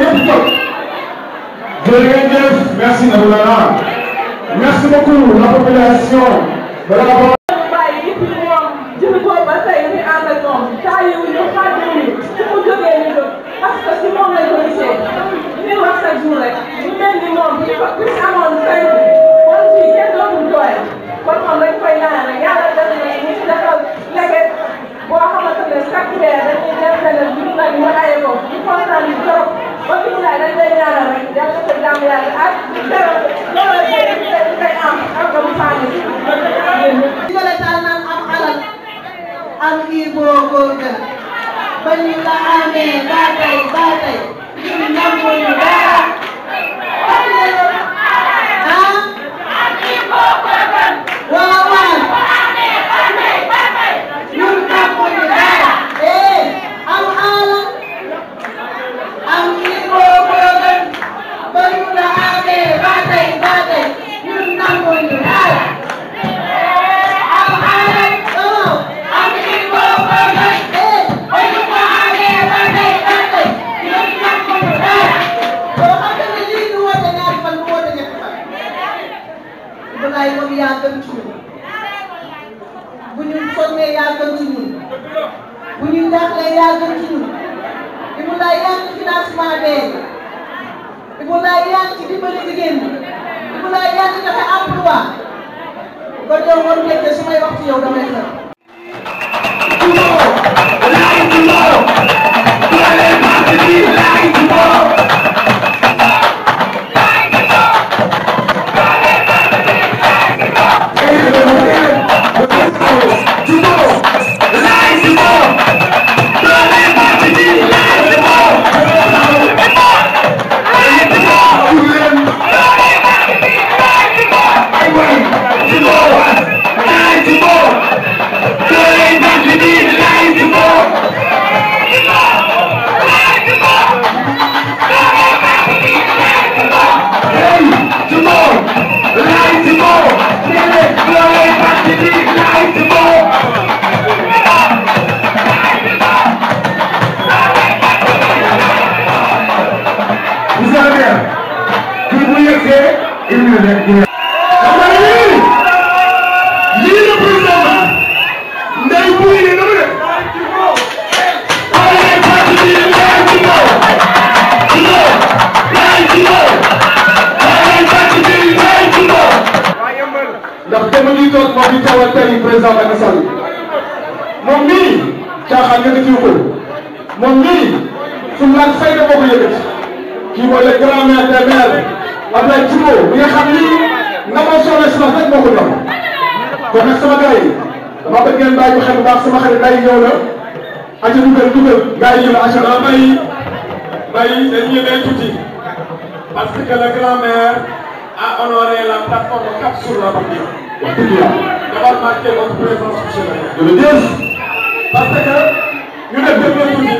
ñëpp jóg. jërëjëf merci Maulana merci beaucoup la population de la ak kii boo ko gën ba ñu la amee ba tey ba tey bi jaaxle yaa gën ci ñun Ibulaay yaa ngi ci financement bee Ibulaay yaa ngi ci dimbali jigéen ñi Ibulaay yaa ngi joxe emploi kon yow war ngeen ne su may wax ci yow damay xel. tomorrow, life tomorrow, dwelling positive life tomorrow. maire des maires Abdoulaye Thimo mi nga xam ni ndamoo soxla si rek moo ko jox kon nag sama gars yi dama bëgg ngeen bàyyi xel bu baax sama xarit Baye ñëw na aca dugal dugal gars yi ñu la aca ah, naa Baye Baye dañu ñëwee tuuti parce que le grand maire a honoré la plateforme Cap sur la Banlieue. wax dëgg yàlla. dafa marqué votre présence monsieur le maire. jërëjëf. parce que ñu def développement bi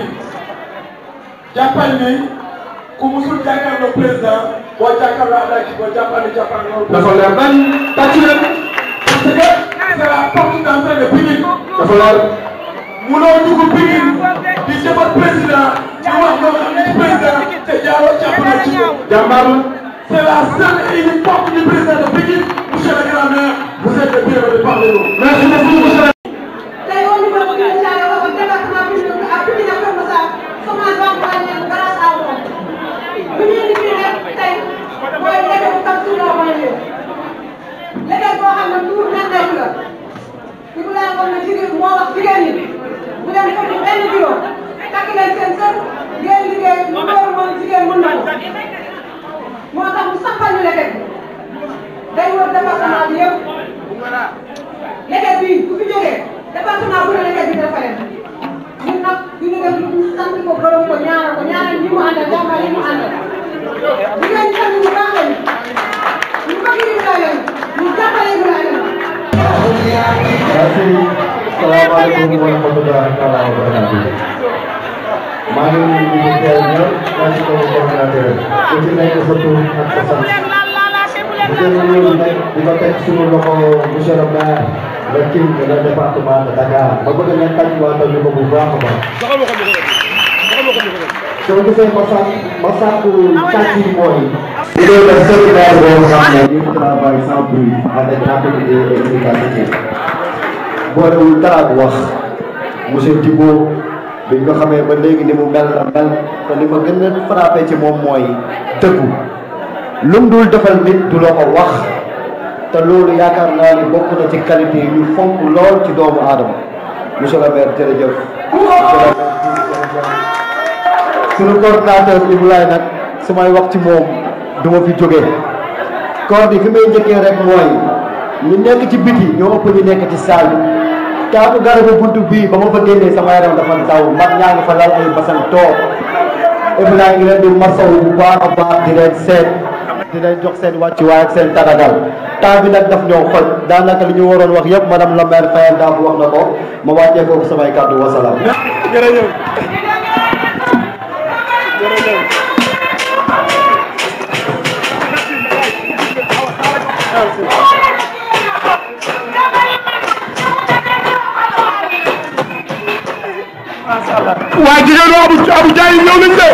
jàppal ku musul jàkkaarloo président boo jàkkaarloo Abdoulaye Diouf boo jàppale jàppale loolu. dafa leer nañ tàcc leen parce que c' est la porte d' entrée de Pikine. dafa leer. munoo dugg Pikine di jëfal président di wax loo xam président te jaaroo jàppale ci ko. la seule et président de Pikine monsieur le grand maire vous êtes wax jigéen ñi bu leen xëy benn juróom takk leen seen sër tur ak sant di ko di ko teg suñu loxo monsieur le maire le king de le département de Dakar ma bëgg ngeen tàccuwaatal ñu ko bu baax a baax. soo gisee ma sàkk ma sàkk tàcc yi mooy. di leen def solidaire boo xam ne ñu travail sans bruit avec rapidité et efficacité boolewul dara ak wax monsieur Djibo bi nga xamee ba léegi ni mu mel la mel te li ma gën a frappé ci moom mooy dëggu. lum dul defal nit du la wax te loolu yaakaar naa ni bokk na ci qualité yu fonk lool ci doomu aadama monsieur le maire jërëjëf monsieur le maire suñu coordinateur su may wax ci moom du ma fi jóge koor bi fi may njëkkee rek mooy ñu nekk ci biti ñoo ëpp ñu nekk ci saal taatu garabu buntu bii ba ma fa génnee sama yaram dafa daw mag ñaa ngi fa lal ay basan toog Ibrahima ngi leen di masaw bu baax a baax di leen seet di leen jox seen wàccuwaay ak seen tàggatal temps bi nag daf ñoo xoj daanaka li ñu waroon wax yëpp madame la maire Faye Dame wax na ko ma wàccee foofu samay kàddu wasalaam. jërëjëf jërëjëf. waa jigéen ñi Abu Abu Jaay ñëw nañ de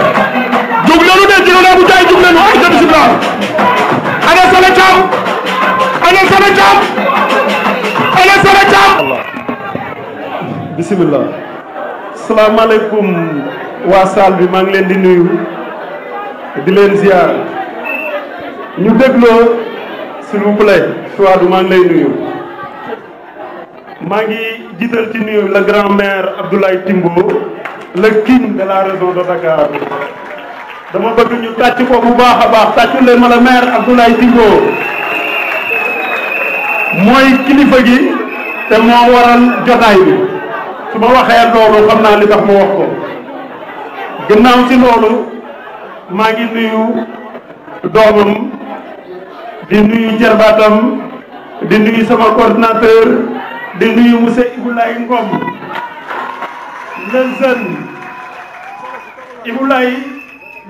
jóg nañu de jigéen ñi Abu Jaay jóg nañu ay ana Sala Thiam bisimilah. salaamaaleykum waa saal bi maa ngi leen di nuyu di leen ziar ñu dégloo s'il vous plaît Souadou maa ngi lay nuyu. maa ngi jiital ci nuyu le grand maire Abdoulaye Timbo le king de la région de Dakar. dama bëgg ñu tàcc ko bu baax a baax tàccu leen ma la maire Abdoulaye Timbo mooy kilifa gi te moo waral jotaay bi su ma waxee loolu xam naa li tax ma wax ko gannaaw ci loolu maa ngi nuyu doomam di nuyu jarbaatam di nuyu sama coordinateur di nuyu monsieur Iboulaye Ngom le jeune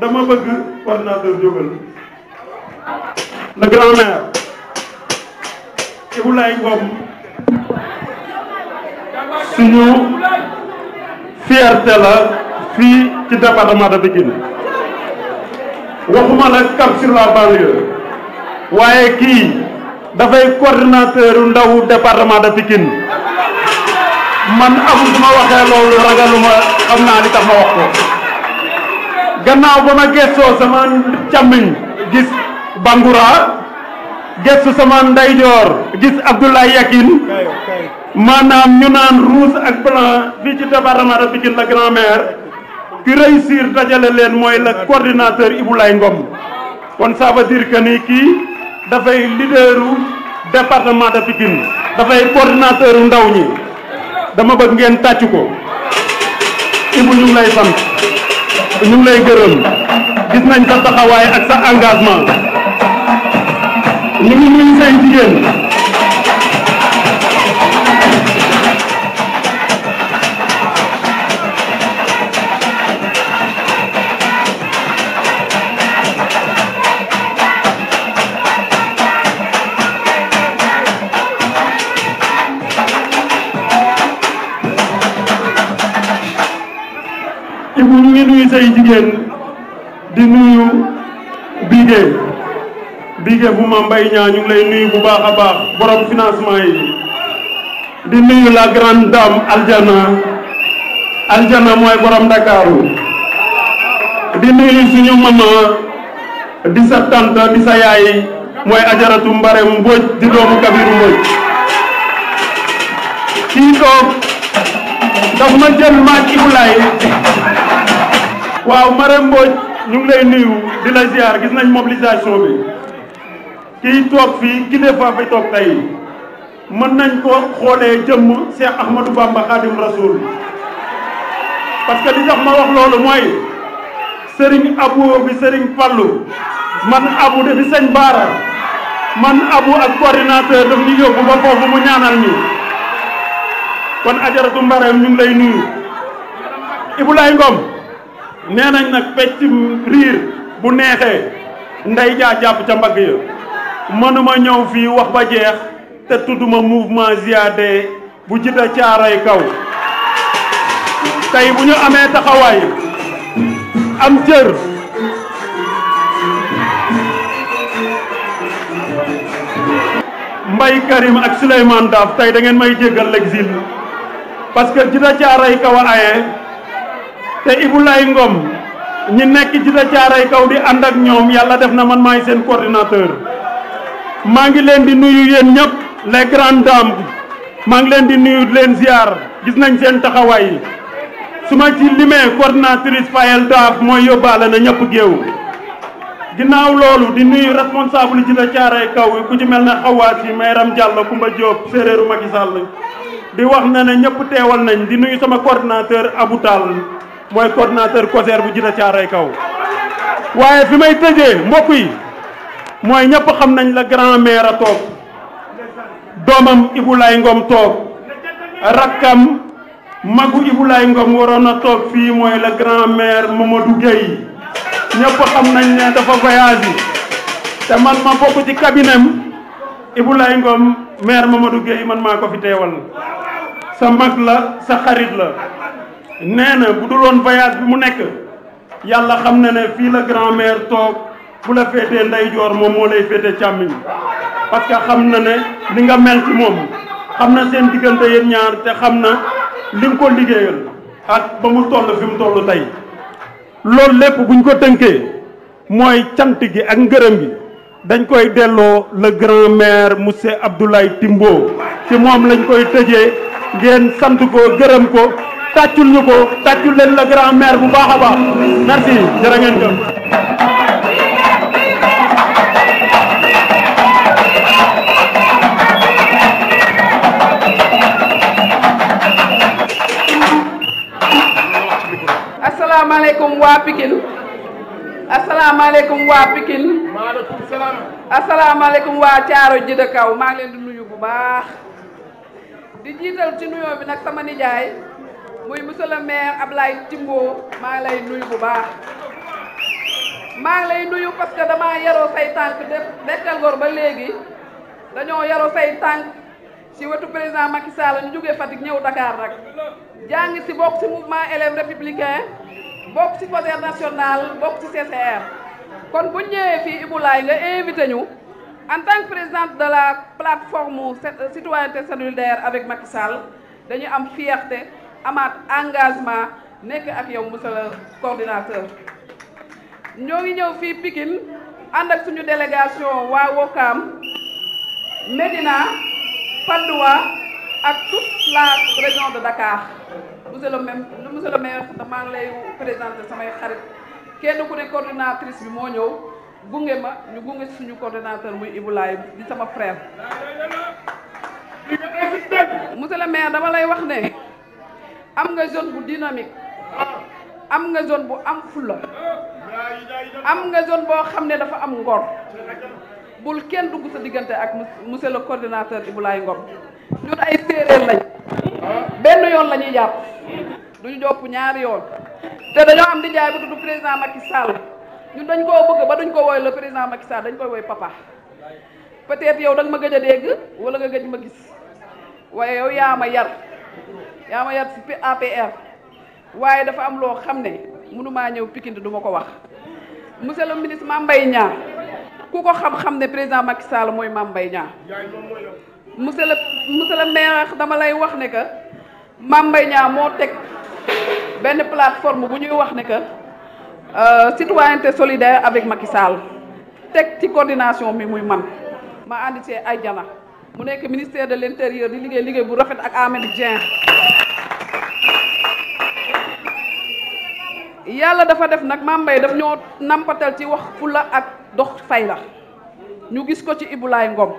dama bëgg coordinateur jógal le grand maire Iboulaye Ngom suñu fierté la fii ci département de Pikine waxuma nag cap sur waaye kii dafay coordinateur ndaw département de Pikine man amul ma waxee loolu ragaluma xam naa li tax ma wax ko gannaaw ba ma gëstoo sama càmmiñ gis Bangoura gëstu sama ndeyjoor gis Abdoulaye Yakin maanaam ñu naan rouge ak blanc fii ci département de Pikine la grand maire ki réussir dajale leen mooy le coordinateur Iboulaye Ngom kon ça veut que ni kii dafay leaderu département de Pikine dafay coordinateur ndaw ñi dama bëgg ngeen tàcc ko Ibou ñu lay sant ñu ngi lay gërëm gis nañ sa taxawaay ak sa engagement ñu ngi nuyu say jigéen. jigéen di nuyu Bigué bu ma mbay ñaa ñu ngi lay nuyu bu baax a baax borom financement yi di nuyu la grande dame Aljana Aljana mooy borom Ndakaaru di nuyu suñu mama di sa tante di sa yaay mooy ajaratu Mbare Mbodj di doomu Kabiru Mbodj kii toog daf ma jël maaj Ibulaay waaw Marème Mbodj ñu ngi lay nuyu di la gis nañ mobilisation bi kiy toog fii ki def fa fi mën nañ ko xoolee jëmm Cheikh Ahmadou Bamba Khadim Rasoul parce que li tax ma wax mooy Serigne Abou bi Serigne Fallou man Abou dafi sëñ Baara man Abou ak coordinateur daf ñu yóbbu ba foofu mu ñaanal ñi kon ajaratu Mbareem ñu ngi lay nuyu Ibu Laay nee nañ nag pecc riir bu neexee ndey jaa jàpp ca mbagg ya mënuma ñëw fii wax ba jeex te tudduma mouvement Ziadé bu jidda caaray kaw tey bu ñu amee taxawaay am cër Mbay Karim ak Souleymane Daaf tey da ngeen may jéggal l'exil parce que jidda caaray kaw a aye te Ibulaay Ngom ñi nekk ci da caaray kaw di ànd ak ñoom yàlla def na man maa ngi seen coordinateur maa ngi leen di nuyu yéen ñëpp les grandes dames maa ngi leen di nuyu leen ziar gis nañ seen taxawaay su ma ci limee coordinatrice Fayel Daaf mooy yóbbaale na ñëpp géew ginnaaw loolu di nuyu responsable ci da caaray kaw yi ku ci mel ne xawaat yi mayram Diallo Kumba Diop séeréeru Macky di wax na ne ñëpp teewal nañ di nuyu sama coordinateur Abou Tall mooy coordinateur COSER bu Djida Thiaroye Kaw waaye fi may tëjee mbokk yi mooy ñëpp xam nañ la grand maire a toog doomam Ibulaay ngoom toog rakkam magu Ibulaay ngoom waroon a toog fii mooy le grand maire Mamadou Gueye ñëpp xam nañ ne dafa voyage te man ma bokk ci cabinem Ibulaay Ngom maire Mamadou Gueye man maa ko fi teewal sa mag la sa xarit la nee na bu dul woon voyage bi mu nekk yàlla xam na ne fii la grand-mère toog bu la féetee ndeyjoor moom moo lay féete càmmiñ parce que xam na ne li nga mel ci moom xam na seen diggante yéen ñaar te xam na li nga ko liggéeyal ak ba mu toll fi mu toll tey loolu lépp buñ ko tënkee mooy cant gi ak ngërëm gi dañ koy delloo le grand-maire monsieur Abdoulaye Timbo ci moom lañ koy tëje ngeen sant ko gërëm ko tàccul ñu ko tàccul leen la grand mère bu baax a baax merci jërë ngeen jëf asalaamaaleykum waa Pikine asalaamaaleykum waa Pikine maaleykum salaam waa Caaro Jidda maa leen di nuyu bu baax di jiital ci nuyoo nag sama nijaay muy monsieur le maire Ablaye Timbo maa ngi lay nuyu bu baax maa ngi lay nuyu parce que dama yaroo say tànk def dekkal ngor ba léegi dañoo yaroo say tànk ci wetu président Macky Sall ñu jógee ñëw Dakar nag jàng ci bokk ci mouvement élèves républicain bokk ci Codere national bokk CCR kon bu ñëwee fii Ibou Laye nga invité ñu en tant présidente de la plateforme citoyenneté cellulaire avec Macky Sall dañu am fierté amaat engagement nekk ak yow monsieur le coordinateur ñoo ngi ñëw fii pikin ànd ak suñu délégation waa Wokam Médina Patte d'Oie ak toute la région de Dakar monsieur le maire monsieur le maire maa lay présenter samay xarit kenn ku ne coordinatrice bi moo ñëw gunge ma ñu gunge suñu coordinateur muy Iboulaye di sama frère monsieur le maire dama lay wax ne am nga zone bu dynamique am nga zone bu am fulla am nga zone boo xam ne dafa am ngor bul kenn dugg sa diggante ak monsieur le coordinateur Iboulaye Ngom ñun ay séeréer lañ benn yoon la ñuy jàpp duñu jopp ñaari yoon te dañoo am di jaay bu tudd président Macky Sall ñun dañ koo bëgg ba duñ ko woy le président Macky Sall dañ koy woy papa peut-être yow da ma gëj a dégg wala nga gëj ma gis waaye yow yaa ma yar yaa ma yar ci APR waaye dafa am loo xam ne mënumaa ñëw Pikine duma ko wax monsieur le ministre ma mbay Niang ku ko xam-xam ne président Macky Sall mooy Mame Mbaye Niang monsieur le monsieur le dama lay wax ne que Mame Mbaye moo teg benn plateforme bu ñuy wax ne que euh, citoyenneté solidaire avec Macky Sall teg ci coordination mi muy man ma ànd ci ay jana mu nekk ministère de l' intérieur di liggéey liggéey bu rafet ak Amady Dieng. yàlla dafa def nag Mame Mbaye daf ñoo nampatal ci wax fula ak dox fay la ñu gis ko ci Ibulaay Ngom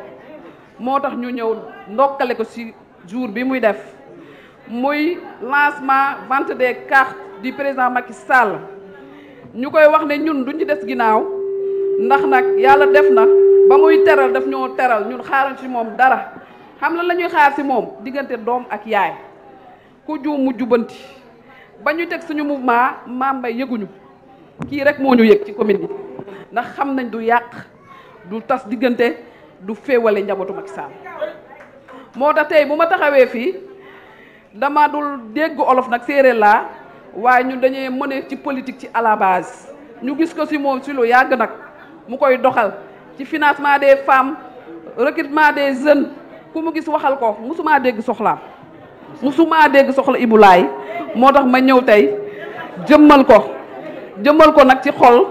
moo tax ñu ñëw ndokkale ko ci jour bi muy def muy lancement vente des cartes di président Macky Sall ñu koy wax ne ñun duñ des ginnaaw. ndax nag yàlla def na ba muy teral daf ñoo teral ñun xaaruñ ci moom dara xam na la ñuy xaar ci moom diggante doom ak yaay ku juum mu jubanti ba ñu teg suñu mouvement Mame Mbaye yëguñu kii rek moo ñu yëg ci commune bi ndax xam nañ du yàq du tas diggante du féewale njabootu Macky Sall moo tax tey bu ma taxawee fii dama dul dégg olof nag séeréer laa waaye ñun dañuy mëne ci politique ci à ñu gis ko ci moom ci lu yàgg nag mu koy doxal ci financement des femmes recrutement des jeunes ku mu gis waxal ko musumaa dégg soxlaam musumaa dégg soxla ibulaay moo tax ma ñëw tey jëmmal ko jëmmal ko nag ci xol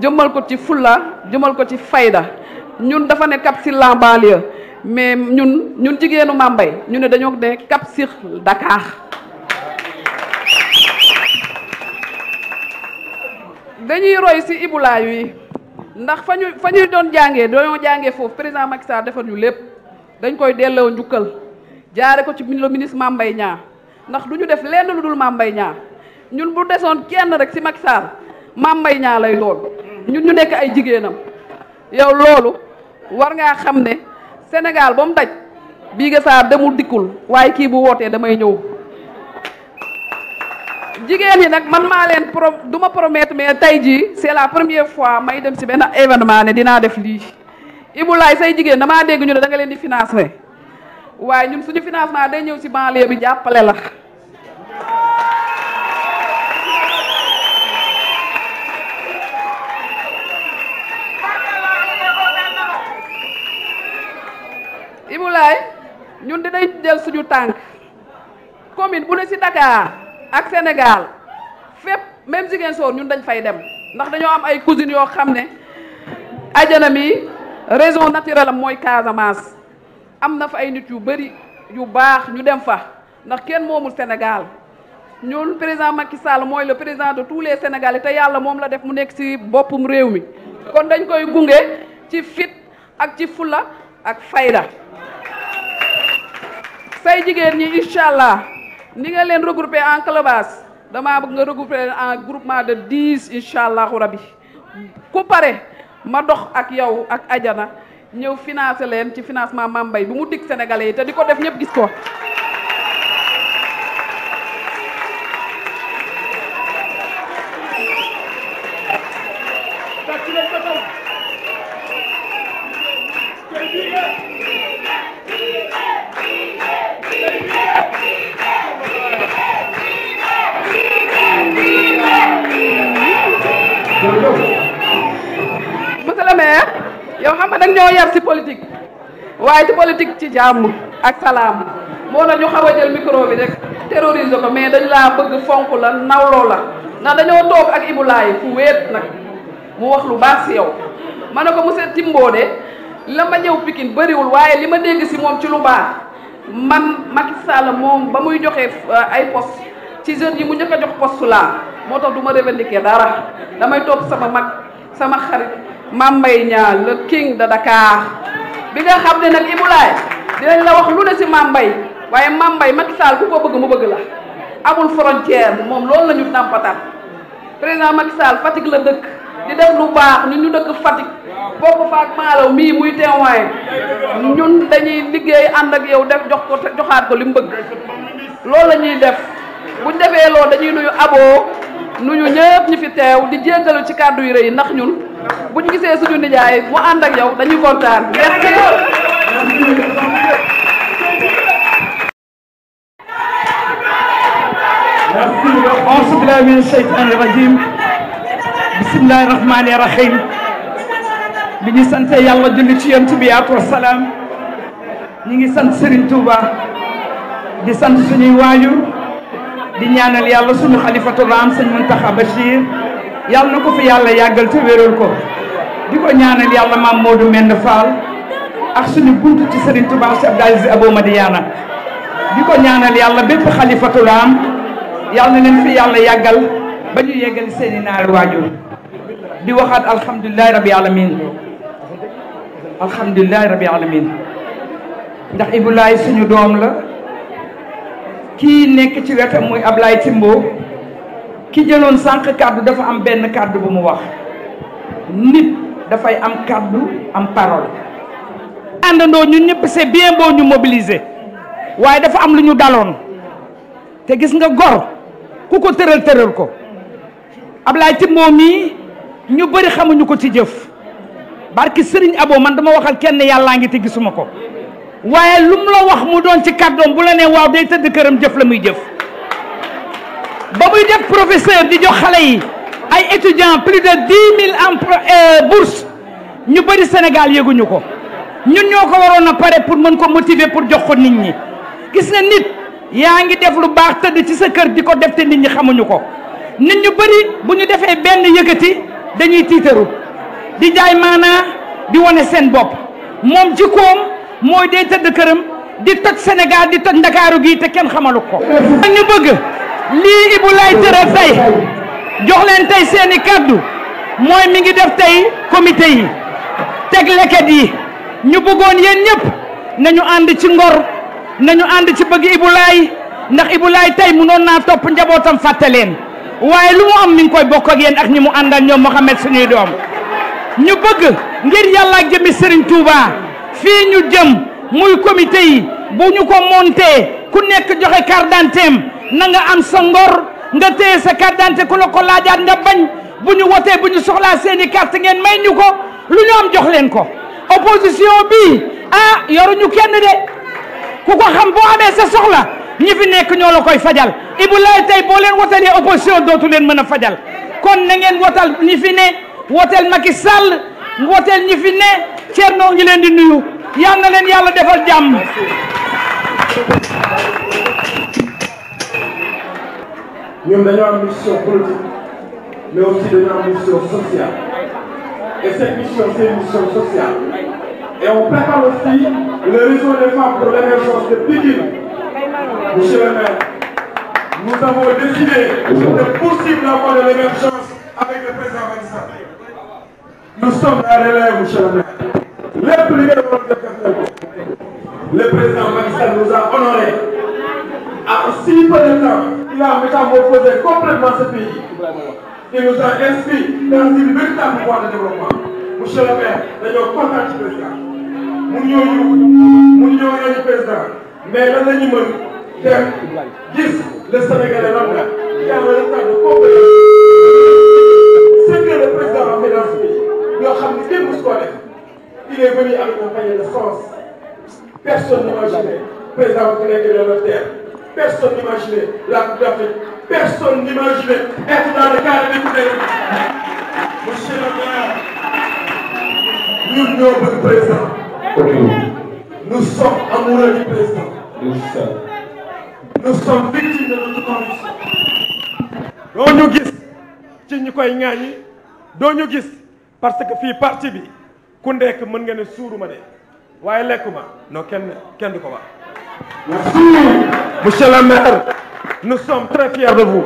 jëmmal ko ci fulla jëmmal ko ci fayda ñun dafa ne si Skirring banlieue mais ñun ñun jigéenu Mambay ñu ne dañoo ne Cap Skirring Dakar dañuy roy si ibulaayu yi ndax fa ñu fa ñuy doon jàngee doñoo jàngee foofu président Macky Sall defar ñu lépp dañ koy delloo njukkal jaare ko ci le ministre Mame Mbaye ñaa ndax du ñu def lenn lu dul Mame Mbaye Niang ñun bu desoon kenn rek si Macky Sall Mame Mbaye lay lool ñun ñu nekk ay jigéenam yow loolu war ngaa xam ne Sénégal ba mu daj bii nga saa demul dikkul waaye kii bu wootee damay ñëw jigéen ñi nag man maa leen pro du ma promettre mais tey jii c'est la première fois may dem si benn événement ne dina def lii Ibulaay say jigéen damaa dégg ñu ne da leen di financer waaye ñun suñu financement day ñëw si banlieue bi jàppale la. Ibulaay ñun dinañ jël suñu tànk commune bu ne si Dakar. ak Sénégal fépp même Ziguinchor ñun dañ fay dem ndax dañoo am ay cousines yoo xam ne ajana mi raison naturelle am mooy Casamance am na fa ay nit yu bëri yu baax ñu dem fa ndax kenn moomul Sénégal ñun président Macky Sall mooy le président de tous les Sénégalais te yàlla moom la def mu nekk ci boppum réew mi kon dañ koy gunge ci fit ak ci fula ak fayda say jigéen ñi incha allah ni nga leen regrouper en calebasse damaa bëgg nga regrouper leen en groupement de dix incha allahu rabi ku pare ma dox ak yow ak ajana ñëw financer leen ci financement mambay Mbaye mu dig sénégalais yi te di ko def ñëpp gis ko nag ci politique waaye ci politique ci jàmm ak salaam moo na ñu xaw a jël micro bi rek terrorisé ko mais dañ laa bëgg fonk la nawloo la ndax dañoo toog ak ibulaay fu wéet nag mu wax lu baax si yow ma ne ko mu seet Timbo de la ma ñëw Pikine bëriwul waaye li ma dégg si moom ci lu baax man Macky Sall moom ba muy joxe euh, ay post ci jeunes yi mu njëkk a jox poste laa moo tax du ma revendiquer dara damay toog sama mag sama xarit Mame ñaa Niang le king de bi nga xam ne nag Ibulaay dinañ la wax lu ne si Mame Mbaye waaye Mame Mbaye Macky Sall ku ko bëgg mu bëgg la amul frontière moom loolu la ñu nàmpatal président Macky Sall Fatick la dëkk di def lu baax ñun ñu dëkk Fatick bokk faak maalaw mii muy teewaay ñun dañuy liggéey ànd ak yow def jox ko joxaat ko li mu loolu lañuy def bu ñu defee loolu dañuy nuyu aboo nuyu ñëpp ñu fi teew di jéggalu ci kàddu yu rëy ndax ñun bu ñu gisee suñu nijaay mu ànd yow dañuy kontaan merci. auzu billaahi mina sheytaani rajiim bismillaahi rahmaani rahiim bi ñu sant laa julli ci yonent bi alayhi salaam ñu ngi sant Serigne Touba di sant suñuy waajur di ñaanal yàlla suñu xalifatul am sëñ Muntaxa Bachir yàlla na ko fi yàlla yàggal te wéral ko di ko ñaanal yàlla maam Modou Mende Fall ak suñu buntu ci Serigne Touba si Abdou Aziz Abou Madiana di ko ñaanal yàlla bépp xalifatulaam yàlla na leen fi yàlla yàggal ba ñu yeggal seeni naari waajur di waxaat alhamdulilahi rabi alamin alhamdulilahi rabi alamin ndax Ibou Laye suñu doom la kii nekk ci wetam muy Ablaye Timbo ki jëloon sànq kàddu dafa am benn kàddu bu mu wax nit dafay am kàddu am parole àndandoo ñu ñëpp c'est bien beau ñu mobiliser waaye dafa am lu ñu daloon te gis nga gor ku ko tëral tëral ko Ablaye Timbo mii ñu bëri xamuñu ko ci jëf barki sëriñ aboo man dama waxal kenn yàllaa ngi te gisuma ko waaye lu mu la wax mu doon ci kàddoom bu la nee waaw day tëdd këram jëf la muy jëf ba muy def professeur di jox xale yi ay étudiants plus de dix mille en euh, bourse ñu bëri Sénégal yëguñu ko ñun ñoo ko waroon a pare pour mën ko motiver pour jox ko nit ñi gis na nit yaa ngi def lu baax tëdd ci sa kër di ko def te nit ñi xamuñu ko nit ñu bëri bu ñu defee benn yëkkati dañuy tiitaru di jaay maanaa di wane seen bopp moom jikkoom mooy day tëdd këram di toj Sénégal di toj Ndakaaru gii te kenn xamalu ko. ñu bëgg. lii Ibou Laye tey jox leen tey seeni kàddu mooy mi ngi def tey comité teg leket yi ñu bëggoon yéen ñëpp nañu ànd ci ngor nañu ànd ci bëgg Ibou ndax Ibou tey mu mënoon naa topp njabootam fàtte leen waaye lu mu am mi ngi koy bokk ak ak ñi mu àndal ñoom Mouhamed suñuy doom ñu bëgg ngir yàlla ak sëriñ Serigne Touba fii ñu jëm muy comité yi bu ñu ko monté ku nekk joxe carte d'identité na nga am sa ngor nga téye sa carte d'identité ku la ko laajaat nga bañ bu ñu wotee bu ñu soxlaa seeni carte ngeen may ñu ko lu ñu am jox leen ko opposition bi ah yoruñu kenn de ku ko xam boo amee sa soxla ñi nekk ñoo la koy fajal Ibou Laye tey boo leen wotalee opposition dootu leen mën a fajal kon na ngeen wotal ñi fi ne woteel Macky Sall woteel ñi fi ne Thierno ngi leen di nuyu yal na leen yàlla defal jàmm ñoom dañoo am mission politique mais aussi dañoo am mission sociale et cette mission c'est une mission sociale et on prépare aussi le réseau des femmes pour l'émergence de Pikine monsieur le maire nous avons décidé de poursuivre la voie de l'émergence avec le président Macky Sall nous sommes à relais monsieur le maire lépp li ngeen war a def def nañ ko le président Macky Sall nous a honorés. En si peu de temps, il a métamorphosé complètement ce pays. Il nous a inscrits dans une véritable voie de développement. Monsieur le maire, dañoo kontaan ci président. mu ñëw ñu mu ñëw ñu président. mais lan la ñu mën dem gis le Sénégalais lan la. yàlla le temps de coopérer. c'est que le président a fait dans ce pays. yoo xam ne kenn musu ko def. il est venu accompagner le sens. Personne n'imaginait. Président Kennedy de la terre. Personne n'imaginait la Coupe d'Afrique. Personne n'imaginait être dans le cadre des Coupes Monsieur le maire, nous sommes présents. Nous sommes amoureux du président. Nous sommes victimes de notre condition. doo ñu gis ci ñu koy ŋaañi doo ñu gis parce que fii parti bi ku nekk mën nga ne suuruma de waaye ma non kenn kenn du ko wax. merci monsieur le maire nous sommes très fiers de vous.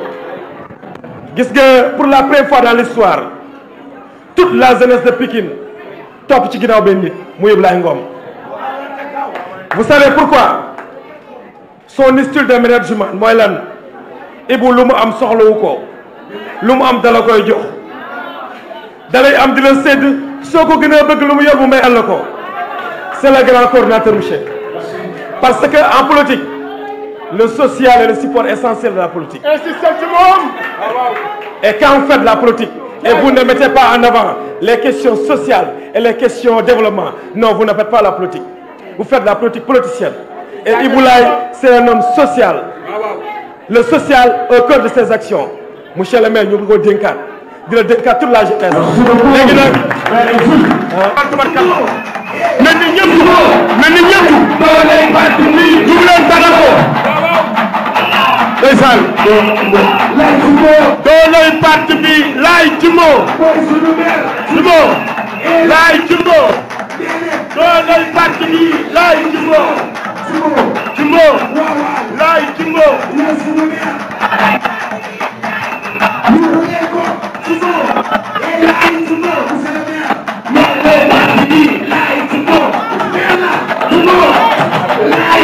gis nga pour la première fois dans l'histoire toute la jeunesse de Pikine topp ci ginnaaw benn nit mu Ibrahima Ngom. vous savez pourquoi son style de management mooy lan Ibou lu mu am soxlawu ko lu mu am dala koy jox dalay am di la sédd soo ko bëgg lu mu yor bu may àll ko. c'est le grand coordinateur monsieur parce que en politique le social est le support essentiel de la politique et quand vous faites la politique et vous ne mettez pas en avant les questions sociales et les questions développement non vous ne faites pas la politique vous faites la politique politicienne et Ibou c'est un homme social le social au cœur de ses actions monsieur le maire ñu ngi ko dénkaat di la dénkaat toute la jeunesse léegi nag mel ni ñëpp mel ni ñëpp jug leen tagal ko ndeysaan doolay parti bi laay jumbo jumbo laay jumbo doolay parti bi laay jumbo jumbo laay jumbo Jumbo laay jumbo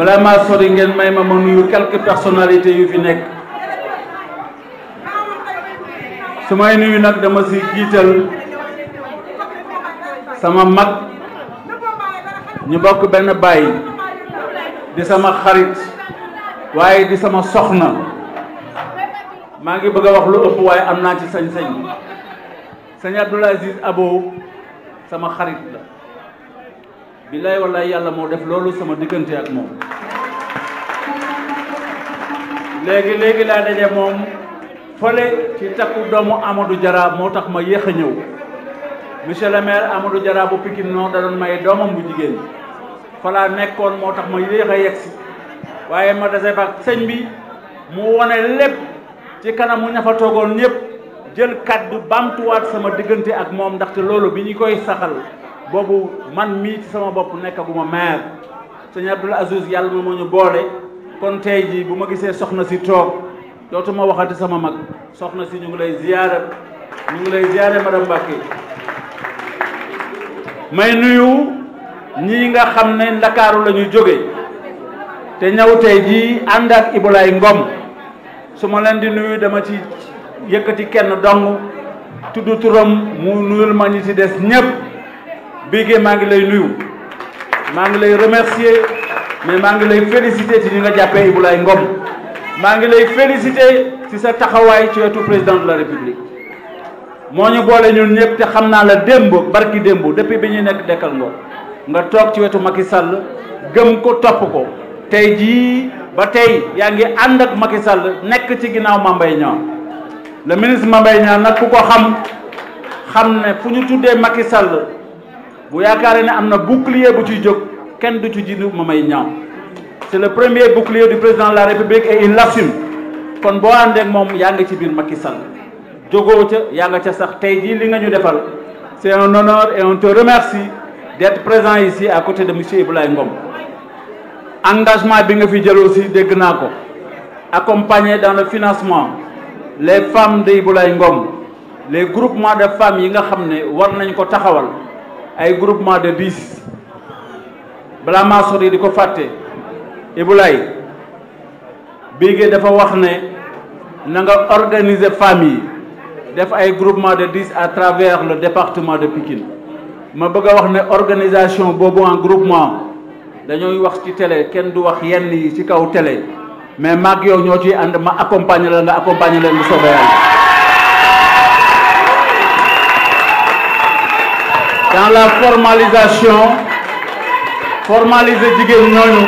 balaa maa sori ngeen may ma ma nuyu quelques personnalités yu fi nekk su may nuyu nag dama si jiital sama mag ñu bokk benn bàyyi di sama xarit waaye di sama soxna maa ngi bëgg a wax lu ëpp waaye am naa ci sañ-sañ sëñ Abdoul Aziz Abo sama xarit billaay wallaay yàlla moo def loolu sama diggante ak moom léegi léegi laa daje moom fële ci takku doomu Amadou Diarra moo tax ma yéex a ñëw monsieur le maire Amadou Diarra bu Pikine noonu da doon may doomam bu jigéen fa nekkoon moo tax ma yéex a yegsi waaye ma dese fa sëñ bi mu wone lépp ci kanam mu ña fa toogoon ñëpp jël kàddu baamtuwaat sama diggante ak moom ndaxte loolu bi ñu koy saxal. boobu man mii ci sama bopp ma maire sëñ Abdoul Aziz yàlla moom moo ñu boole kon tey jii bu ma gisee soxna si toog dootuma waxati sama mag soxna si ñu ngi lay ziyaare ñu ngi lay ziyaare madame Mbacké may nuyu ñii nga xam ne ndakaaru lañuy jóge te ñëw tey jii ànd ak Ibulaay Ngom su ma leen di nuyu dama ci yëkkati kenn dong tudd turam mu nuyul ma ñi ci des ñëpp Bigué maa ngi lay nuyu maa ngi lay remercier mais maa ngi lay féliciter ci ni nga jàppee Ibulaay Ngom maa ngi lay féliciter ci sa taxawaay ci wetu président de la république moo ñu boole ñun ñëpp te xam naa la démb barki démb depuis bi ñuy nekk dekkal ngor nga toog ci wetu Macky Sall gëm ko topp ko tey jii ba tey yaa ngi ànd ak Macky Sall nekk ci ginnaaw Mame Mbaye Niang le ministre Mame Mbaye nag ku ko xam xam ne fu ñu tuddee Macky sàll bu yaakaaree ne am na bouclier bu ciy jóg kenn du ci jiitu ma may ñaaw c'est le premier bouclier du président de la république et il l'assume kon boo àndee moom yaa ngi ci biir Macky Sall jógoo ca yaa nga ca sax tey jii li nga ñu defal c'est un honneur et on te remercie d'être présent ici à côté de monsieur Ibrahima Ngom engagement bi nga fi jël aussi dégg naa ko accompagné dans le financement les femmes de Ibrahima Ngom les groupements de femmes yi nga xam ne war nañ ko taxawal ay groupement de bus balaa maa sori di ko fàtte Ibulaay Biége dafa wax ne na nga organiser famille def ay groupement de dix à travers le département de Pikine ma bëgg a wax ne organisation boobu en groupement dañooy wax ci télé kenn du wax yenn yi ci kaw télé mais maag yow ñoo ciy ànd ma accompagner la nga accompagner leen lu soobee dans la formalisation formaliser jigéen ñooñu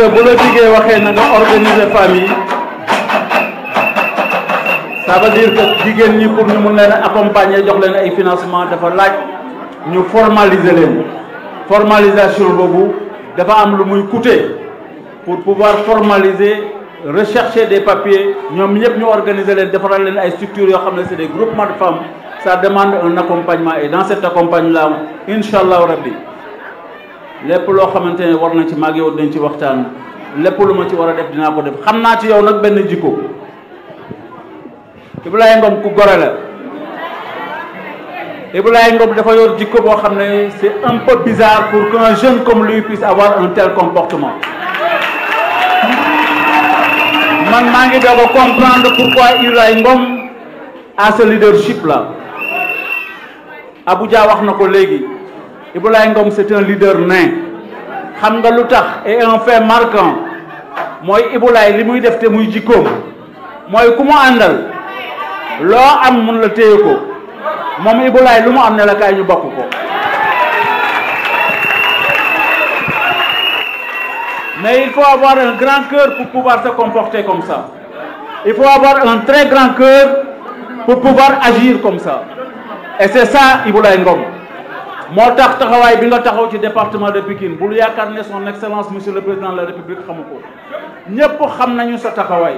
que bu la diggee waxee na nga organiser famille ça veut dire que jigéen ñi pour ñu mu leen a accompagner jox leen ay financement dafa laaj ñu formaliser leen formalisation boobu dafa am lu muy coûter pour pouvoir formaliser rechercher des papiers ñoom ñëpp ñu organiser leen defaral leen ay structures yoo xam ne c'est des groupements de femmes ça demande un accompagnement et dans cet accompagnement là incha allahu rabbi lépp loo xamante ne war na ci maag yow dañ ci waxtaan lépp lu ma ci war a def dinaa ko def xam naa ci yow nag benn jikko Ibrahima Ngom ku gore la Ibrahima Ngom dafa yor jikko boo xam ne c'est un peu bizarre pour qu'un jeune comme lui puisse avoir un tel comportement man maa ngi doog a comprendre pourquoi Ibrahima Ngom a ce leadership là Abuja wax na ko léegi Ibrahima Ngom c'est un leader nain xam nga lu tax et un fait marquant mooy Ibrahima li muy def te muy jikkoom mooy ku mu àndal loo am mun la téye ko moom Ibrahima lu mu am ne la kaay ñu bokk ko mais il faut avoir un grand cœur pour pouvoir se comporter comme ça il faut avoir un très grand cœur pour pouvoir agir comme ça et c'est ça Ibrahima Ngom moo tax taxawaay bi nga taxaw ci département de Pikine bul yaakaar ne son excellence monsieur le président de la république xamu ko ñëpp xam nañu sa taxawaay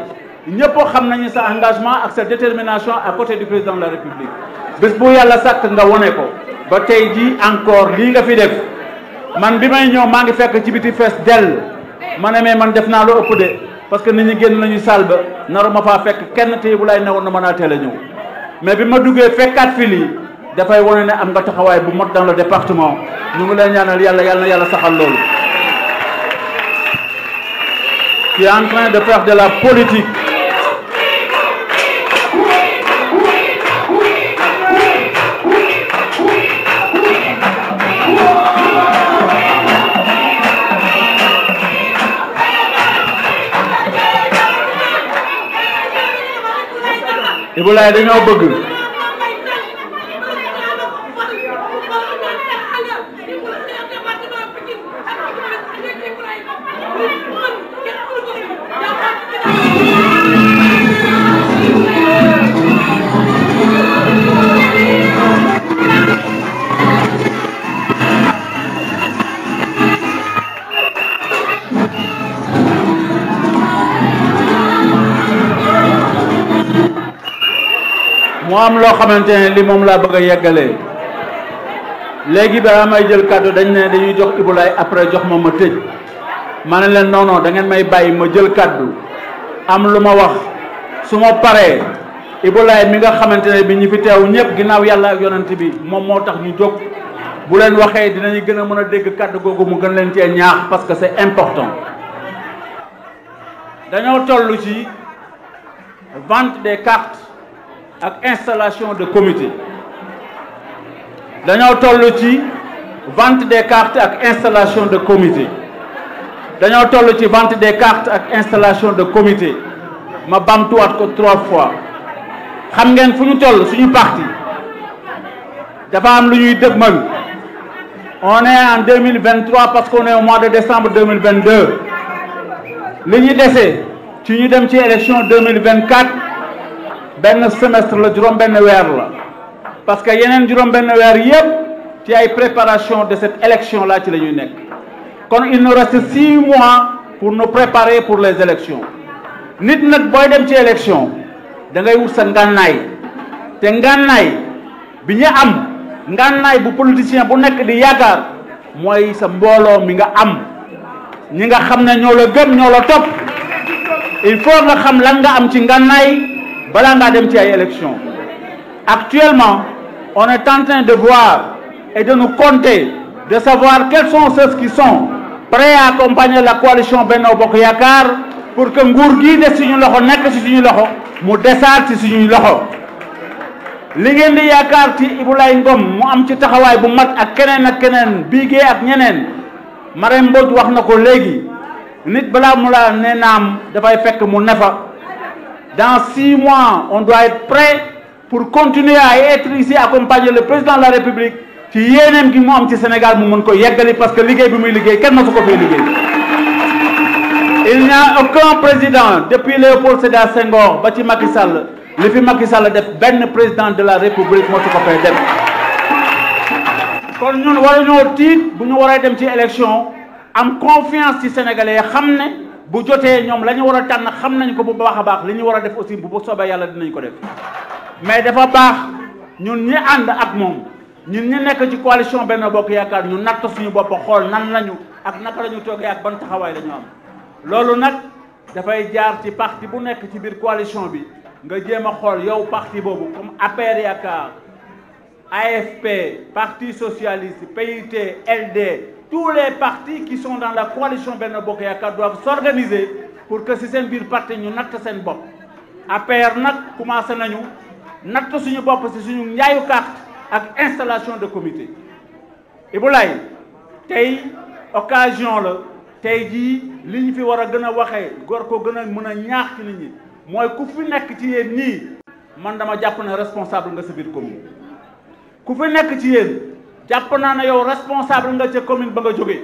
ñëpp xam nañu sa engagement ak sa détermination à côté du président de la république bés bu yàlla sàkk nga wone ko ba tey ji encore lii nga fi def man bi may ñëw maa ngi fekk ci biti fees dell ma ne mais man def naa lu ëpp de parce que nit ñi génn nañu salle ba naru ma faa fekk kenn tey bu lay newoon na mën a teel a ñëw dafay wane ne am nga taxawaay bu mot dans le département ñu ngi lay ñaanal yàlla yàlla na yàlla saxal loolu. qui est en train de faire de la politique. Ibou Laye dañoo bëgg. am loo xamante ne li moom laa bëgg a yeggalee léegi ba ay jël kàddu dañ ne dañuy jox Ibou Laye après jox moom ma tëj ma ne leen non non da ngeen may bàyyi ma jël kàddu am lu ma wax su ma paree Ibou mi nga xamante ne bi ñu fi teew ñëpp ginnaaw yàlla ak yonent bi moom moo tax ñu jóg bu leen waxee dinañu gën a mën a dégg kàddu googu mu gën leen cee ñaax parce que c'est important dañoo toll ci vente des cartes ak installation de comité dañoo toll ci vente des cartes ak installation de comité dañoo toll ci vente des cartes ak installation de comité ma bamtuwaat ko trois fois xam ngeen fu ñu toll suñu parti dafa am lu ñuy dëgmal on est en 2023 parce qu'on est au mois de décembre 2022 li ñu dese ci ñu dem ci élection 2024 benn semestre la juróom-benn weer la parce que yeneen juróom-benn weer yépp ci ay préparation de cette élection laa ci la ñuy nekk kon il nous reste six mois pour nous préparer pour les élections nit nag booy dem ci élection da ngay wut sa ngànnaay te ngànnaay bi ñu am ngànnaay bu politicien bu nekk di yaakaar mooy sa mbooloo mi nga am ñi nga xam ne ñoo la gëm ñoo la topp il faut nga xam lan nga am ci ngànnaay balaa ngaa dem ci ay élections actuellement on est en de voir et de nous compter de savoir quels sont ceux qui sont prêts à accompagner la coalition Benno Bokk Yaakaar pour que nguur gii des suñu loxo nekk ci suñu loxo mu desaat ci suñuy loxo li ngeen di yaakaar ci Ibulaay Ngom mu am ci taxawaay bu mat ak keneen ak keneen biigee ak ñeneen Marème Mbodj wax na ko léegi nit balaa mu laa ne naam dafay fekk mu nefa Dans six mois, on doit être prêt pour continuer à être ici accompagner le président de la République ci yéeneem gi mu am ci Sénégal mu mën ko yeggali parce que liggéey bi muy liggéey kenn masu ko fee liggéey. Il n'y a aucun président depuis Léopold Sédar Senghor ba ci Macky Sall fi Macky Sall def benn président de la République moo su ko fee def. kon ñun bu ñu waree dem ci élection am confiance ci sénégalais xam ne. bu jotee ñoom la ñu war a tànn xam nañ ko bu baax a baax li ñu war a def aussi bu soobee yàlla dinañ ko def mais dafa baax ñun ñi ànd ak moom ñun ñi nekk ci coalition benn Bokk Yaakaar ñu natt suñu bopp xool nan lañu ak naka la ñu toogee ak ban taxawaay la am loolu nag dafay jaar ci parti bu nekk ci biir coalition bi nga jéem a xool yow parti boobu comme APR Yaakaar AFP Parti Socialiste PIT LD tous parti kii qui dans la coalition Benno Bokk Yaakaar doivent s'organiser pour que si seen biir parti ñu natt seen bopp APR nag commencé nañu natt suñu bopp si suñu njaayu carte ak installation de comité Ibou Laye tey occasion la tey jii li ñu fi war a gën a waxee gor ko gën a mën a ñaax ci nit ñi mooy ku fi nekk ci yéen nii man dama jàpp ne responsable nga sa biir commune ku fi nekk ci yéen jàpp naa ne yow responsable nga ca commune ba nga jógee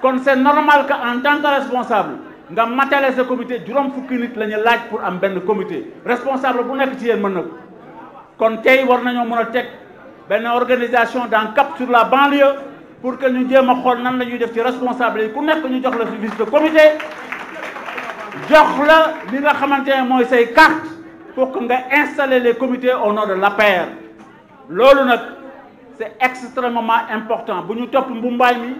kon c'est normal que en tant que responsable nga matale sa comité juróom fukki nit la ñu laaj pour am benn comité responsable bu nekk ci yéen mën na ko kon tey war nañoo mën a teg benn organisation dans cap la banlieue pour que ñu jéem a xool nan la ñuy def ci responsable yi ku nekk ñu jox la fi visite comité jox la li nga xamante ne mooy say carte pour que nga installer les comités au nom de l'APR loolu nag. c'est extrêmement important bu ñu topp mbumbaay mi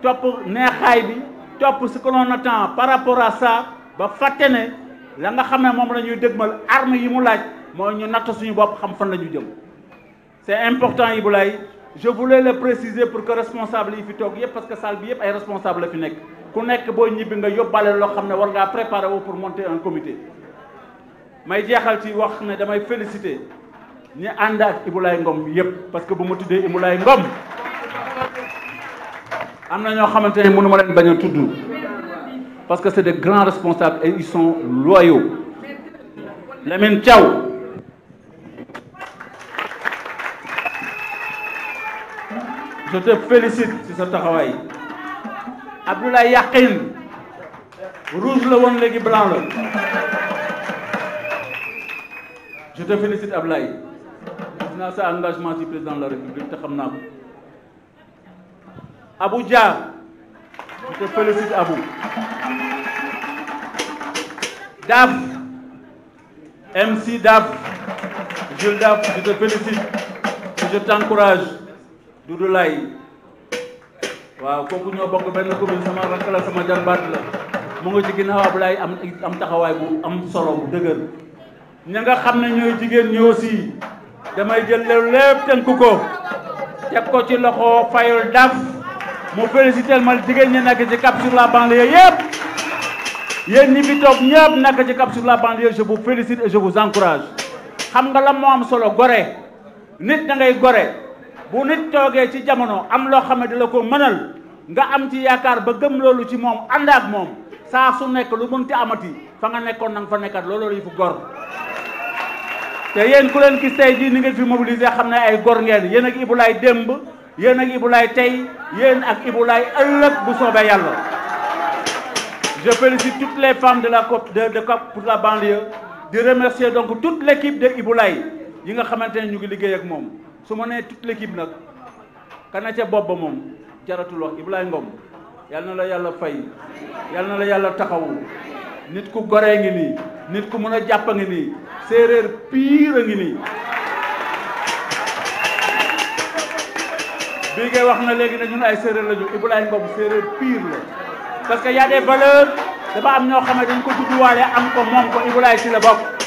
topp neexaay bi topp ce que na attend par rapport à ça ba fàtte ne la nga xam ne moom la ñuy dëgmal arme yi mu laaj moo ñu natt suñu bopp xam fan la ñu jëm c'est important Ibou Laye je voulais le préciser pour que responsable yi fi toog yëpp parce que salle bi yëpp ay responsable fi nekk ku nekk boo ñibbi nga yóbbaale loo xam ne war ngaa préparer wu pour monter un comité may jeexal ci wax ne damay féliciter ñu ànd ak Ibulaay Ngom yëpp parce que bu ma tuddee Ibulaay Ngom am na ñoo xamante ne mënu ma leen bañ a tudd parce que c'est des grands responsables et ils sont loyaux Lamine Thiaw je félicite ci sa taxawaay Abdoulaye Yaqin rouge la woon léegi blanc la je félicite Abdoulaye gis naa sa engagement ci président de la république te xam naa ko Abou Dia je te félicite Abou Daf MC Daf Jules Daf je te félicite je t'encourage Doudou Laye waaw kooku ñoo bokk benn commune sama rakk la sama jarbaat la mu ngi ci ginnaaw Ablaye am am taxawaay bu am solo dëgër ña xam ne ñooy jigéen ñi damay jël loolu lépp tënku ko teg ko ci loxo fayul daf mu félicité ma jigéen ñi nekk ci cap sur la banlieue yëpp yéen ñi fi toog ñëpp nekk ci cap sur ban banlieue je vous félicite et je vous encourage xam nga la moo am solo gore nit da ngay gore bu nit toogee ci jamono am loo xam ne da la ko mënal nga am ci yaakaar ba gëm loolu ci moom ànd ak moom saa su nekk lu mënti amati fa nga nekkoon na fa nekkat looloo yi fu gor te yéen ku leen gis tey jii ni ngeen fi mobilisé xam ne ay gor ngeen yéen ak Ibulaay démb yéen ak Ibulaay tey yéen ak Ibulaay ëllëg bu soobee yàlla. je félicite toutes les femmes de la COP de de COP la banlieue di remercier donc toute l' équipe de Ibulaay yi nga xamante ne ñu ngi liggéey ak moom su ma nee toute l' nag kana ca bopp ba moom jaratul wax Ibulaay Ngom yal na la yàlla fay yal na la yàlla taxawu. nit ku goree ngi nii nit ku mën a jàpp ngi nii séeréer pire a ngi nii bii ngay wax na léegi ne ñun ay séeréer la ñu Ibrahima boobu séeréer pire la parce que y a des valeurs am ñoo xam ne dañ ko judduwaale am ko moom ko Ibrahima si la bokk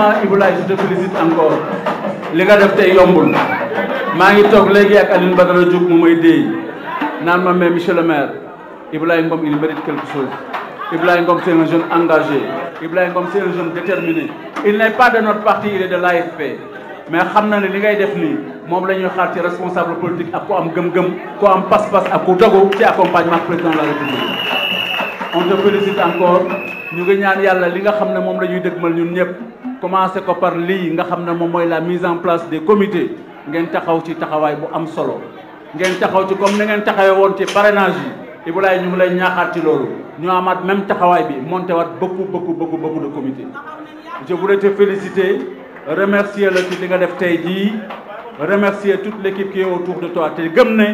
ma Iboulaye je te félicite encore li nga def tey yombul maa ngi toog léegi ak Alioune Badara Diouf mu may déy naan ma mais monsieur le maire Iboulaye Ngom il mérite quelque chose Ibrahim Ngom c'est un jeune engagé Ibrahim Ngom c'est un jeune déterminé il n'est pas de notre parti il est de l'AFP mais xam na ne li ngay def nii moom la ñuy xaar ci responsable politique ak ku am gëm-gëm ku am pas-pas ak ku dogu ci accompagnement président de la République on te félicite encore ñu li nga xam ne moom la ñuy dëgmal ñun ñëpp commencé ko par lii nga xam ne moom mooy la mise en place des comités ngeen taxaw ci taxawaay bu am solo ngeen taxaw ci comme na ngeen taxawee woon ci parrainage yi Ibulaay ñu ngi lay ñaaxaat ci loolu ñu amaat même taxawaay bi monté waat beaucoup beaucoup beaucoup beaucoup de comités je voulais te féliciter remercier la ci li nga def tey jii remercier toute l' équipe qui est autour de toi te gëm ne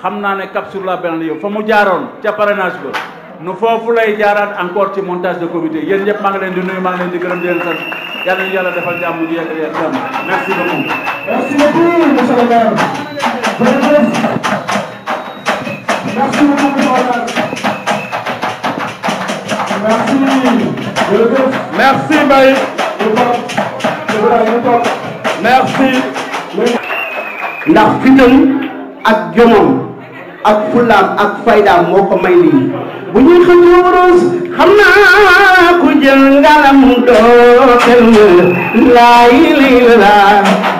xam naa ne Cap sur la Benne yow fa mu jaaroon ca parrainage ba nu foofu lay jaaraat encore ci montage de comité yéen ñëpp maa ngi leen di nuyu maa ngi di gërëm di leen sant yàlla defal jàmm ñu yegg leen jàmm merci beaucoup. merci beaucoup monsieur merci beaucoup monsieur le maire. merci. jërëjëf. merci Mbaye. merci. ndax ak jomam. ak fulaam ak faydaam moo ko may lii bu ñuy xam wurus xam naa ku jël ngalam dootel ma laay lay la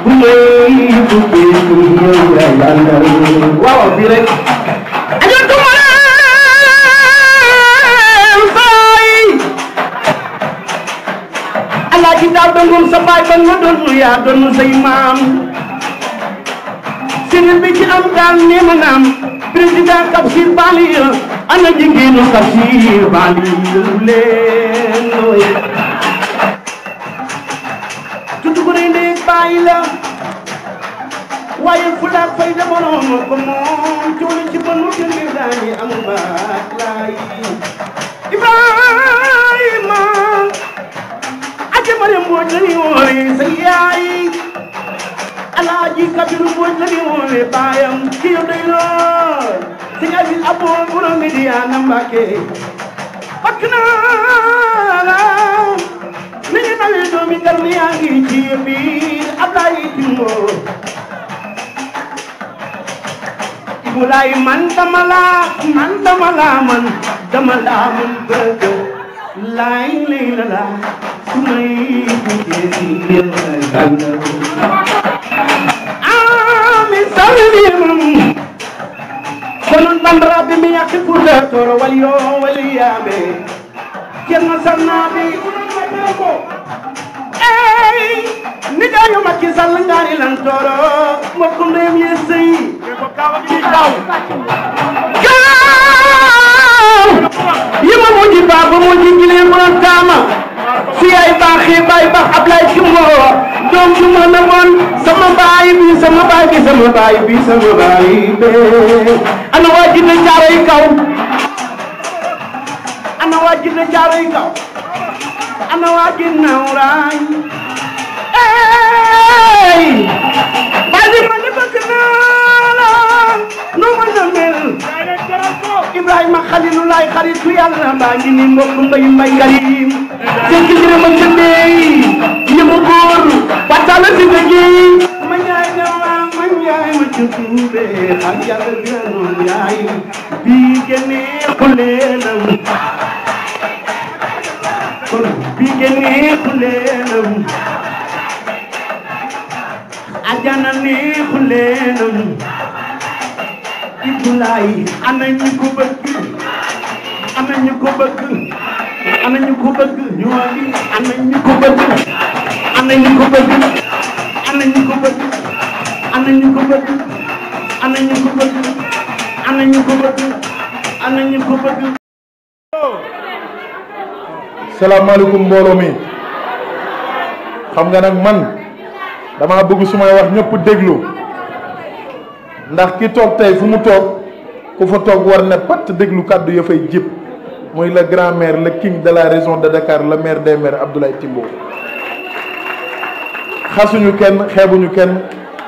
bu may bu béeku yow la yàndal waaw bi rek alaaji daaw dangum sa baay ba nga doon yaa doon say maam sëriñ bi ci am daal nee ma naam président Kabsir Bali ana jigéenu Kabsir Bali lu leen looy tudd ko ne ndey bàyyi la waaye fulaak fay jamonoom ko moom coono ci ba nu jëndee daani am baat laay Ibrahima aja ma dem boo jëriñoo sa alaaji kabiru mbooj la ñu woowee baayam ki yow day lool si nga bi aboon borom mi di ana Mbàkke bakk naa mi ngi nawee doomi garmi yaa ngi ci biir Ablaye Timbo Ibulaay man dama laa man dama laa man dama laa man bëgg laay lay la laa su may buggee si كريم خلون من رب من يقف الدكتور واليوم والأيام كنا سنابي أي نجا يوم كيسال لنجاري لنتورو مكم ريم يسي yima mu ji baabu mu ji ngilee mu tama si ay baax yi bay baax Ablaye Kimbo doom ju ma namoon sama baay bi sama baay bi sama baay bi sama baay bi ana waa jinne caaroy kaw ana waa jinne caaroy kaw ana waa jinne wraay ey baay bi ma ne bëgg naa nu mën a mel Ibrahima Xalilulaay xaritu yàlla mbaa ngi nii mbokk mbay mbay karim seen ma jëndee yëmu góor batala si dëgg ma ñaay dawa ma ñaay ma ci tuube ak yàlla bi la noon yaay bii génnee xuleenam kon bii génnee xuleenam ajana nee xuleenam Ibulaay ana ñu ko bëgg ana ñu ko bëgg ana ñu ko bëgg ñu ngi ana ñu ko bëgg ana ñu ko bëgg ana ñu ko bëgg ana ñu ko bëgg ana ñu ko bëgg ana ñu ko bëgg ana ñu ko bëgg. salaamaaleykum mbooloo mi xam nga nag man dama bëgg su may wax ñëpp déglu. ndax ki toog tey fu mu toog ku fa toog war ne patt déglu kàddu ya fay jib muy le grand maire le king de la région de Dakar le maire des maires Abdoulaye Timbo xasuñu kenn xeebuñu kenn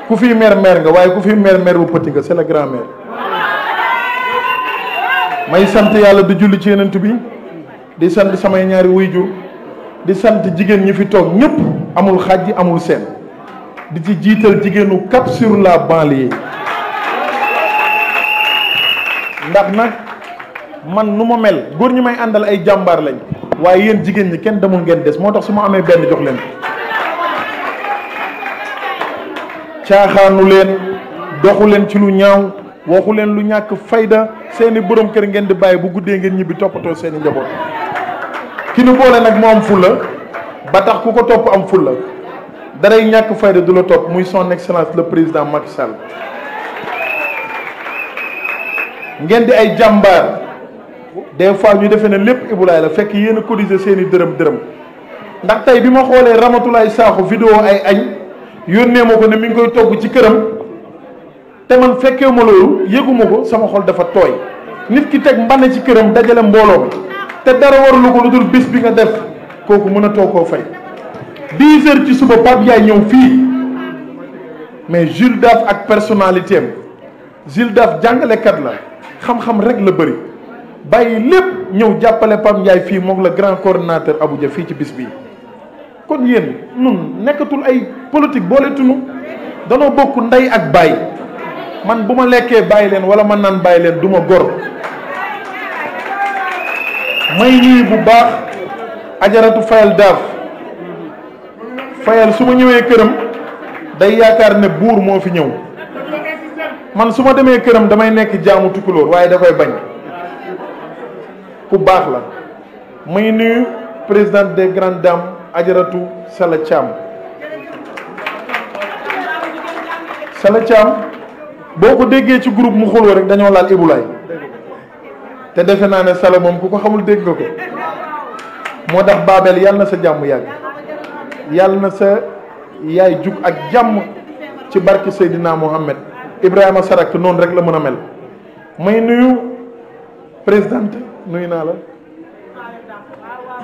ku fi maire maire nga waaye ku fi maire maire bu pëti nga c'est le grand maire may sant yàlla di julli ci yenent bi di sant samay ñaari wuyjur di sant jigéen ñi fi toog ñëpp amul xàjji amul seen di ci jiital jigéenu Cap sur la yi ndax nag man nu ma mel góor ñi may àndal ay jàmbaar lañ waaye yéen jigéen ñi kenn demul ngeen des moo tax su ma amee benn jox leen caaxaanu leen doxu leen ci lu ñaaw waxu leen lu ñàkk fayda seeni borom kër ngeen di bàyyi bu guddee ngeen ñibbi toppatoo seeni njaboot ki nu boole nag moo am fulla ba tax ku ko topp am fulla daray ñàkk fayda du la topp muy son excellence le président Macky Sall ngeen di ay jàmbaar des fois ñu defee ne lépp Iboulaye la fekk yéen a cotiser seen dërëm dërëm ndax tey bi ma xoolee ramatulaay Sakho video ay añ yónnee ma ko ne mi ngi koy togg ci këram te man fekkee ma loolu yéguma ko sama xol dafa tooy nit ki teg mbanne ci këram dajale mbooloo bi te dara warulu ko lu dul bis bi nga def kooku mën a toog koo fay dix heures ci suba Pape Yaay ñëw fii mais Jules Daf ak personnalité am Jules jàngalekat la xam-xam rek la bari bàyyi lépp ñëw jàppale Pam fii moom la grand coordinateur Abuja fii ci bis bii kon yéen nun nekkatul ay politique booletunu danoo bokk ndey ak bàyyi man bu ma lekkee bàyyi leen wala man naan bàyyi leen du ma gor may ñuy bu baax ajaratu fayal daaf fayal su ma ñëwee këram day yaakaar ne buur moo fi ñëw man su ma demee këram damay nekk jaamu tukkulóor waaye da koy bañ ku baax la may nuyu président de grandes dames ajaratu Sala Thiam Sala Thiam boo ko déggee ci groupe mu xuloo rek dañoo laal ibulaay te defe naa ne Sala moom ku ko xamul dégg nga ko moo tax Babel yàlla na sa jàmm yàgg yàlla na sa yaay jug ak jàmm ci barke Seydina Mohamed Ibrahima Sarak noonu rek la mën a mel may nuyu présidente nuyu naa la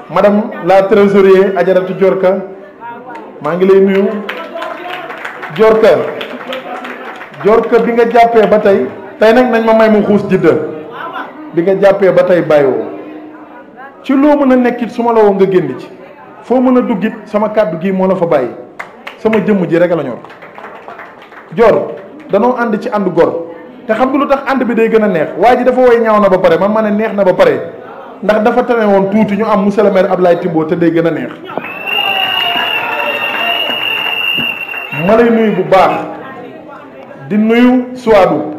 madame la trésorier Ajaratu Jorka maa ngi lay nuyu Jorka Jorka bi nga jàppee ba tey tey nag nañ ma may mu xuus jidda bi nga jàppee ba tey bàyyiwoo ci loo mën a nekkit su ma la woo nga génn ci foo mën a duggit sama kàddu gii moo la fa bàyyi sama jëmm ji rek la Jor. danoo ànd ci ànd gor te xam nga lu tax ànd bi day gën a neex waa ji dafa woy ñaaw na ba pare man ma neex na ba pare ndax dafa tane woon tuuti ñu am monsieur le maire Abdoulaye Timbo te day gën a neex ma lay nuyu bu baax di nuyu Souadou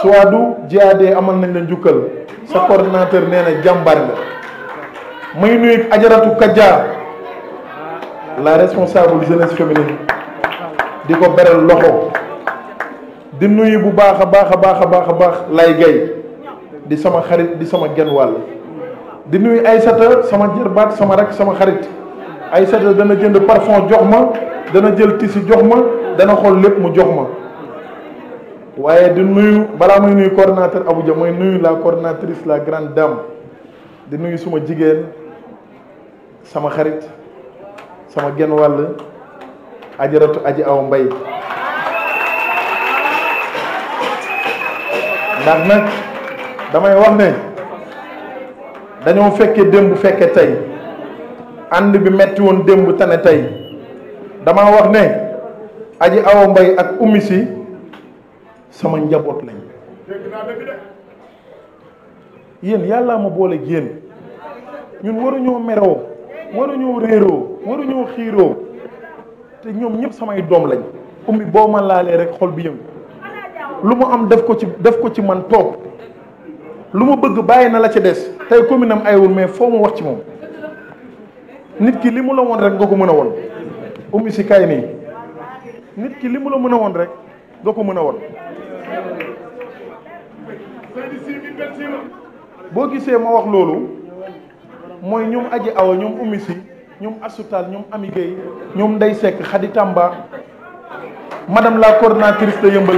Souadou JAD amal nañ la njukkal sa coordinateur nee na jàmbaar la may nuyu ajaratu Kadja la responsable jeunesse féminine di ko beral loxo di nuyu bu baax a baax a baax a baax a baax lay gay di sama xarit di sama genn wàll di nuyu ay Aysata sama jërbaat sama rek sama xarit ay Aysata dana jënd parfum jox ma dana jël tisi jox ma dana xool lépp mu jox ma waaye di nuyu balaa muy nuyu coordonnateur Abuja mooy nuyu la coordonnatrice la grande dame di nuyu suma jigéen sama xarit sama genn wàll ajaratu aji aw mbay ndax nag damay wax ne dañoo fekkee démb fekke tey ànd bi metti woon démb tane tey dama wax ne aji awa mbay ak ummi si sama njaboot lañ yéen yàlla ma boole yéen ñun waruñoo meroo waruñoo réeroo waruñoo xiiroo te ñoom ñëpp samay doom lañ ummi boo ma laalee rek xol bi yëngu lu mu am def ko ci def ko ci man toog lu mu bëgg bàyyi na la ci des tey commune am ayewul mais foo mu wax ci moom nit ki li mu la woon rek nga ko mën a woon ummi si kaay nii nit ki li mu la mën a woon rek nga ko mën a woon boo gisee ma wax loolu mooy ñoom aji awa ñoom ummi ñoom asutal ñoom ami gay ñoom nday sekk xadi tàmba madame la coordinatrice de yëmbal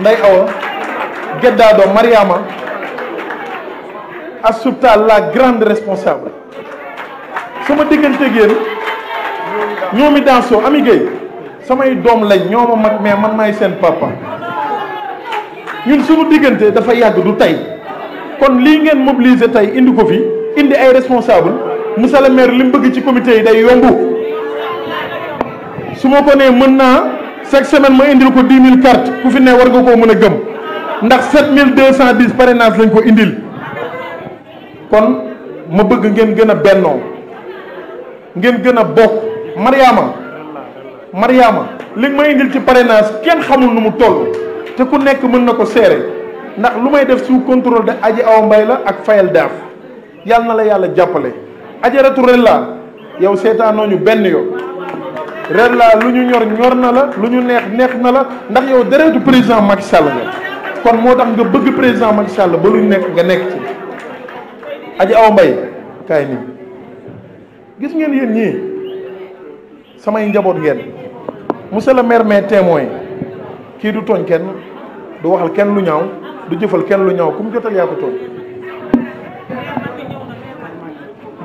nday awa Geddaado Mariama Asubta la grande responsable sama digganteeg yéen ñoomi Danso Ami samay doom lañ ñoo ma mag mais man maay seen papa ñun suñu diggante dafa yàgg du tey kon lii ngeen mobiliser tey indi ko fi indi ay responsable monsieur le maire li mu bëgg ci comité yi day yombu su ma ko nee mën naa chaque semaine ma indil ko 10 000 cartes ku fi ne war nga koo mën a gëm ndax 7210 parrainage lañ ko indil kon ma bëgg ngeen gën a bennoo ngeen gën a bokk Mariama Mariama li nga ma indil ci parrainage kenn xamul nu mu toll te ku nekk mën na ko seere ndax lu may def su contrôle de Adji Awa mbay la ak Fayel Daaf yàlla na la yàlla jàppale ajaratu ren la yow seetaanoo ñu benn yoon. ren laa lu ñu ñor ñor na la lu ñu neex neex na la ndax yow deretu président Macky Sall nga kon moo tax nga bëgg président Macky Sall ba lu nekk nga nekk ci aji aw mbay kaay nii gis ngeen yéen ñii samay njaboot ngeen monsieur le maire mais témoin kii du tooñ kenn du waxal kenn lu ñaaw du jëfal kenn lu ñaaw ku mu jotal yaa ko tooñ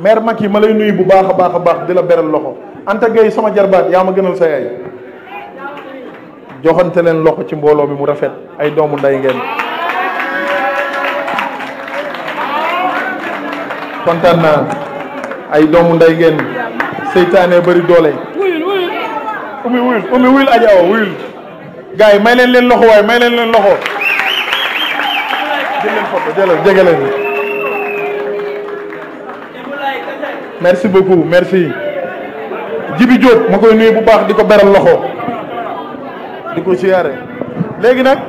maire Macky ma lay nuyu bu baax a baax a baax di la beral loxo Anta Gueye sama jarbaat yaa ma gënal sa yaay joxante leen loxo ci mbooloo mi mu rafet ay doomu nday ngeen kontaan naa ay doomu nday ngeen seytaane bari doole umi wuyul umi wuyul aja o yi may leen leen loxo may leen loxo jël leen photo jëlal jege leen merci beaucoup merci Jibi Diop ma koy nuyu bu baax di ko beral loxo di ko siyaare léegi nag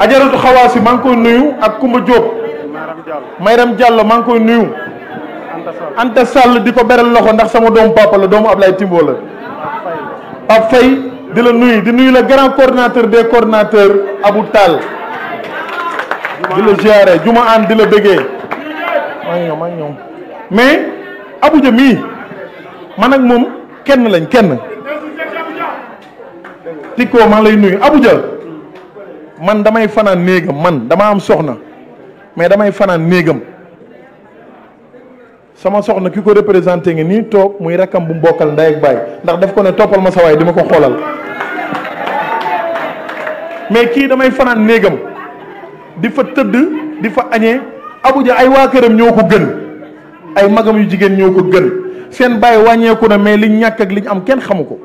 ajaratu xawaasi maa ngi koy nuyu ak Kumba Diop Mayram Diallo maa ngi koy nuyu Anta Sall di ko beral loxo ndax sama doomu papa la doomu Ablaye Timbo la Pape Faye di la nuyu di nuyu la grand coordinateur des coordinateurs Abou Tall di la siyaare juma aan di la bëggee maa ngi ñëw maa ngi ñëw mais Abuja mii man ak moom kenn lañ kenn tikkoo maa lay nuyu Abuja man damay fanaan néegam man dama am soxna mais damay fanaan néegam sama soxna ki ko représenté ngi nii toog muy rakkam bu mbokkal ndey ak ndax daf ko ne toppal ma sa waay di ma ko xoolal mais kii damay fanaan néegam di fa tëdd di fa añee Abuja ay waa këram ñoo ko gën ay magam yu jigéen ñoo ko gën seen bàyyi wàññeeku na mais liñ ñàkk ak liñ am kenn xamu ko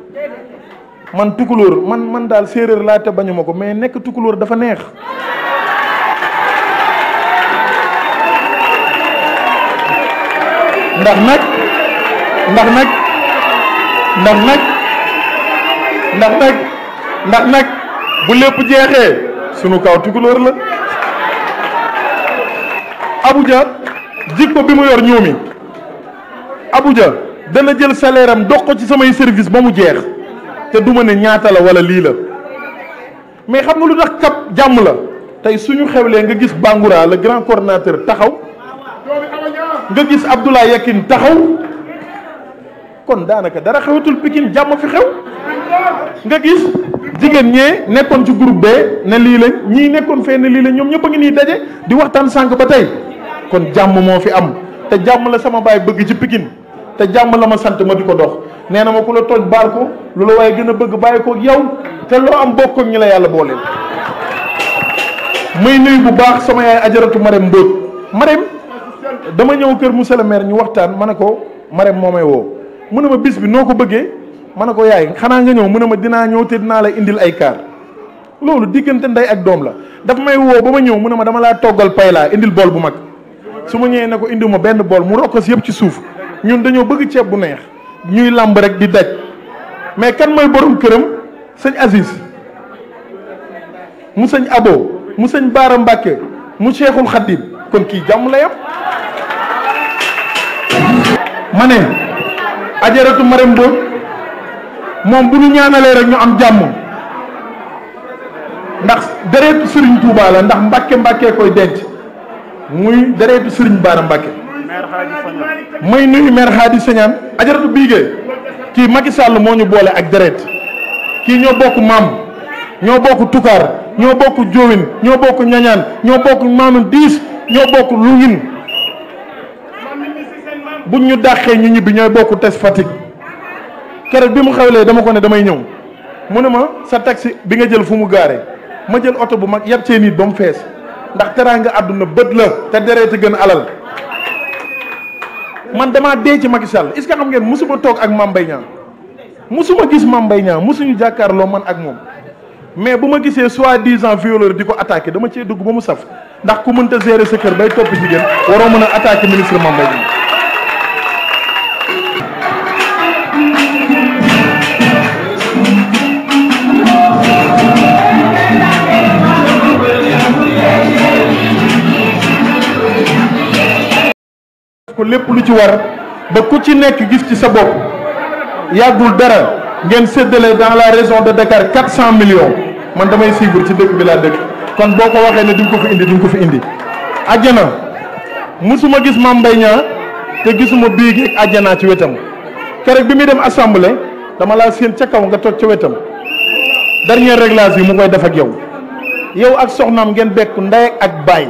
man tukulóor man man daal séeréer laa te bañuma ko mais nekk tukulóor dafa neex ndax nag ndax nag ndax nag ndax nag bu lépp jeexee sunu kaw tukulóor la Abuja jikko bi mu yor ñoomi Abuja dana jël salaire dox ko ci samay service ba mu jeex te du ma ne ñaata la wala lii la mais xam nga lu tax cap jàmm la tey ñu xewlee nga gis Bangoura le grand coordinateur taxaw nga gis Abdoulaye Yakin taxaw kon daanaka dara xewatul Pikine jàmm fi xew nga gis jigéen ñee nekkoon ci groupe be ne lii la ñii nekkoon fee ne lii la ñoom ñëpp a ngi nii daje di waxtaan sànq ba tey kon jàmm moo fi am. te jàmm la sama baay bëgg ci pikin te jàmm la ma sant ma di ko dox nee na ma ku la toj baal ko lu la waaye gën a bëgg bàyyi ko ak yow te loo am bokk ak ñi la yàlla booleel. muy nuyu bu baax sama yaay ajaratu Marème Mbodj Marème dama ñëw kër monsieur le maire ñu waxtaan ma ne ko Marème moo may woo mu ne ma bis bi noo ko bëggee ma ne ko yaay xanaa nga ñëw mu ne ma dinaa ñëw te dinaa la indil ay kaar loolu diggante ndey ak doom la dafa may woo ba ma ñëw mun ne ma dama laa toggal pay laa indil bool bu mag. su ma ñëwee ne ko indi ma benn bool mu rokkos yëpp ci suuf ñun dañoo bëgg ceeb bu neex ñuy làmb rek di daj mais kenn mooy borom këram sëñ Aziz mu sëñ Abo mu sëñ Baara Mbàkke mu Cheikhul Khadim kon kii jàmm la yam ma ne ajaratu Marème Mbodj moom bu ñu ñaanalee rek ñu am jàmm ndax dëreetu Sëriñ Tuubaa la ndax Mbàkke Mbàkke koy denc muy dereetu Serigne Bara Mbacké muy nuyu maire Khady Sagnane ajaratu biigee kii Macky Sall moo ñu boole ak deret kii ñoo bokk maam ñoo bokk tukaar ñoo bokk joowin ñoo bokk ñañaan ñoo bokk maamu diis ñoo bokk lungin buñ ñu dàqee ñu ñibbi ñooy bokk test Fatick keroog bi mu xewlee dama ko ne damay ñëw mu ne ma sa taxi bi nga jël fu mu gaare ma jël oto bu mag yab see nit ba mu fees ndax teraanga àdduna bët la te dereete gën alal man damaa dee ci Macky Sall est ce que xam ngeen mosuma toog ak Mame Mbaye Niang mosuma gis Mame Mbaye Niang mosuñu jàkkaarloo man ak moom mais bu ma gisee soi-disant violeur di ko attaqué dama cee dugg ba mu saf ndax ku mënta gérer sa kër bay topp jigéen waroo mën a attaqué ministre Mame Mbaye ko lépp lu ci war ba ku ci nekk gis ci sa bopp yàggul dara ngeen séddale dans la région de Dakar quatre cent millions man damay suivre ci dëkk bi laa dëkk kon boo ko waxee ne di nga ko fi indi di ko fi indi ajjana musuma gis Mame Mbaye Niang te gisuma bii gi ak ci wetam keroog bi muy dem assemblée dama laa séen ca kaw nga toog ca wetam dernier réglage bi mu koy def yow yow ak soxnaam ngeen bekku ndey ak baay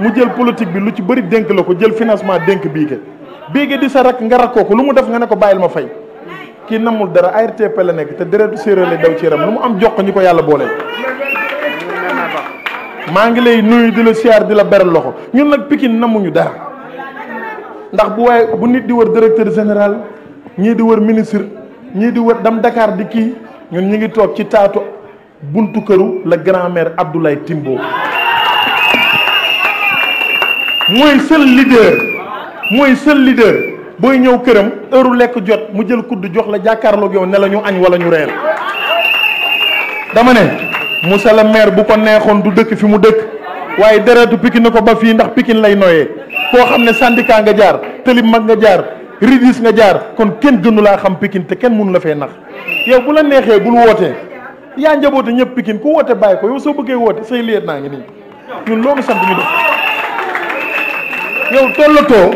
mu jël politique bi lu ci bëri dénk la ko jël financement dénk bii biige di sa rak nga rakkoo ko lu mu def nga ne ko bàyyil ma fay kii namul dara ARTP la nekk te déretu séeréer lay daw ci yaram lu mu am jox ko ko yàlla boole. maa ngi lay nuyu di la siyaar di la beral loxo ñun nag Pikine namuñu dara ndax bu waaye bu nit di wër directeur général ñii di wër ministre ñii di wër dam Dakar di kii ñun ñu ngi toog ci taatu buntu këru la grand-mère Abdoulaye Timbo. mooy seul leader mooy sël leader booy ñëw këram heure lekk jot mu jël kudd jox la jàkkaarloog yow ne la ñu añ wala ñu reer dama ne monsieur le maire bu ko neexoon du dëkk fi mu dëkk waaye deretu Pikine ko ba fii ndax Pikine lay noyee koo xam ne syndicat nga jaar tëlib mag nga jaar ridis nga jaar kon kenn gënu laa xam Pikine te kenn mënu la fee nax yow bu la neexee bul wootee yaa njaboote ñëpp Pikine ku woote bàyyi ko yow soo bëggee woote say liet naa ngi nii ñun loolu sant yow tollatoo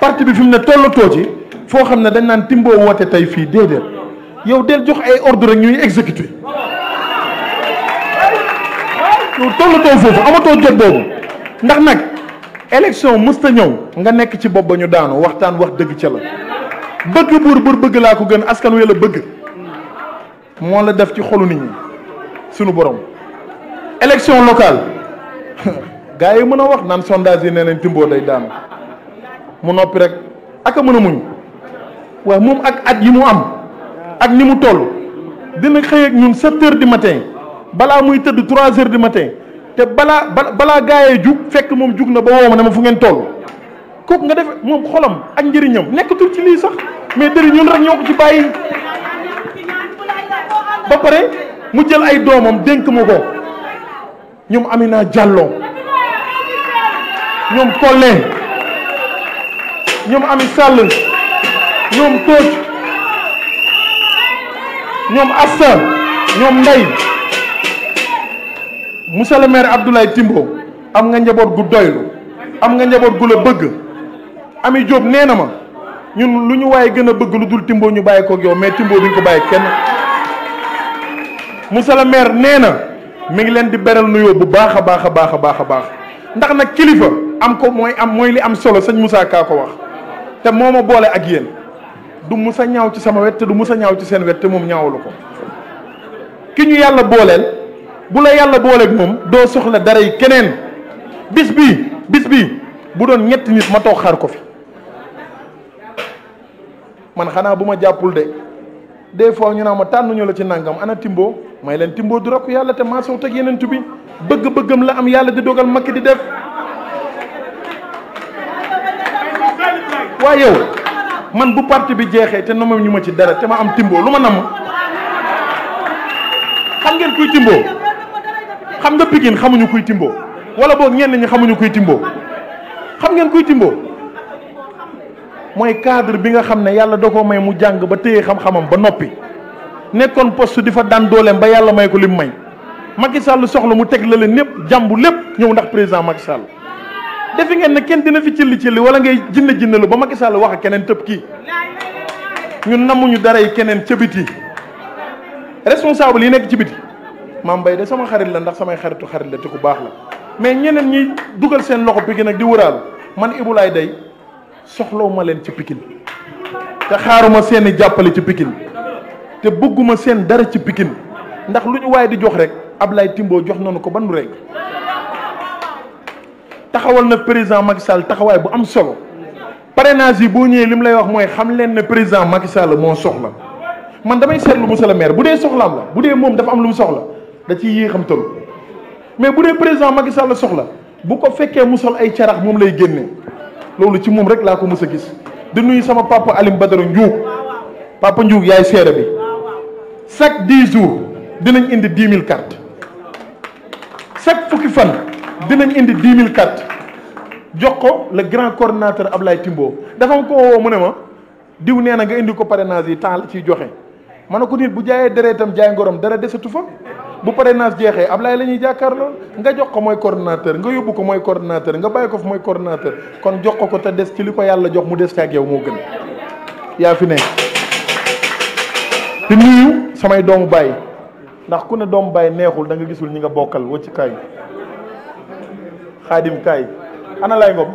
parti bi fi mu ne tollatoo ci foo xam ne dañ naan timboo woote tey fii déedéet yow de jox ay ordre rek ñuy exécuter yow tollatoo foofu amatoo jot boobu ndax nag élection mësta ñëw nga nekk ci bopp ba ñu daanu waxtaan wax dëgg ca la bëgg buur buur bëgg laa ko gën askan wi la bëgg moo la def ci xolu nit ñi sunu borom élection locale gars yi mën a wax naan sondage yi nee nañ Timbo day daanu mu noppi rek ak a mën a muñ waaw moom ak at yi mu am ak ni mu toll dina xëy ak ñun sept heures du matin balaa muy tëdd trois heures di matin te balaa ba balaa gars yi jug fekk moom jug na ba woo ma ne ma fu ngeen toll kook nga def moom xolom ak njëriñam nekkatul ci lii sax mais dëri ñun rek ñoo ko ci bàyyi ba pare mu jël ay doomam dénk ma ko ñoom naa Diallo ñoom Collé ñoom Ami Sall ñoom Tooj ñoom Asta ñoom Ndey monsieur le maire Abdoulaye Timbo am nga njaboot gu doylu am nga njaboot gu la bëgg Ami Diop nee na ma ñun lu ñu waaye gën a bëgg lu dul timboo ñu bàyyi ko ak yow mais Timbo duñ ko bàyyi kenn monsieur le maire nee na mi ngi leen di beral nuyoo bu baax a baax a baax a baax a baax ndax nag kilifa am ko mooy am mooy li am solo sañ Moussa Ka ko wax te moo ma boole ak yéen du mus a ñaaw ci sama wet te du mus a ñaaw ci seen wet te moom ñaawalu ko ki ñu yàlla booleel bu la yàlla booleeg moom doo soxla dara yi keneen bis bi bis bii bu doon ñetti nit ma toog xaar ko fi man xanaa bu ma jàppul de des fois ñu naa ma tànnuñu la ci nangam ana Timbo may leen Timbo du rakku yàlla te maa sow teg yeneen bi bëgg-bëggam la am yàlla di dogal makk di def. waaye yow man bu parti bi jeexee te namam ñu ma ci dara te ma am timboo lu ma namm xam ngeen kuy timboo xam nga Pikine xamuñu kuy timboo wala boog ñenn ñi xamuñu kuy timboo xam ngeen kuy timboo mooy cadre bi nga xam ne yàlla doo ko may mu jàng ba téye xam-xamam ba noppi nekkoon post di fa daan dooleem ba yàlla may ko lim may Macky Sall soxla mu teg la leen lépp jàmbu lépp ñëw ndax président Macky Sall defe ngeen ne kenn dina fi cilli cilli wala ngay jinne jinne lu ba Macky Sall wax ak keneen tëb kii ñun namuñu dara yi keneen ca biti responsable yi nekk ci biti maam Baye de sama xarit la ndax samay xaritu xarit la te ku baax la mais ñeneen ñi dugal seen loxo Pikine nag di wëraalu man Ibou Laye day soxlaw ma leen ci Pikine te xaaruma seeni jàppale ci pikin te bëgguma seen dara ci Pikine ndax lu ñu waaye di jox rek Ablaye timboo jox na nañu ko ba nu rek taxawal na président Macky taxawaay bu am solo parrainage yi boo ñëwee li mu lay wax mooy xam leen ne président Macky Sall moo soxla man damay seetlu monsieur le maire bu dee soxlaam la bu dee moom dafa am lu mu soxla da ciy yéexam toll mais bu dee président Macky Sall soxla bu ko fekkee mu sol ay carax moom lay génne loolu ci moom rek laa ko mës a gis di nuyu sama papa Alim Badara Ndiouk papa Ndiouk yaay seere bi chaque di jours dinañ indi dix mille cartes chaque fukki fan. dinañ indi dix mille cartes jox ko le grand coordinateur Ablaye Timbo dafa ko woo mu ne ma diw nee na nga indi ko parrainage yi temps la ciy joxe man ne ko nit bu jaayee deretam jaay ngorom dara desetu fa bu parrainage jeexee Ablaye la ñuy jàkkaarloo nga jox ko mooy coordinateur nga yóbbu ko mooy coordinateur nga bàyyi ko fi mooy coordinateur kon jox ko ko te des ci li ko yàlla jox mu des ci ak moo gën yaa fi ne te nuyu samay doomu bàyyi ndax ku ne doomu bàyyi neexul da nga gisul ñi nga bokkal wacc kaay xaadim kaay ana lay ngom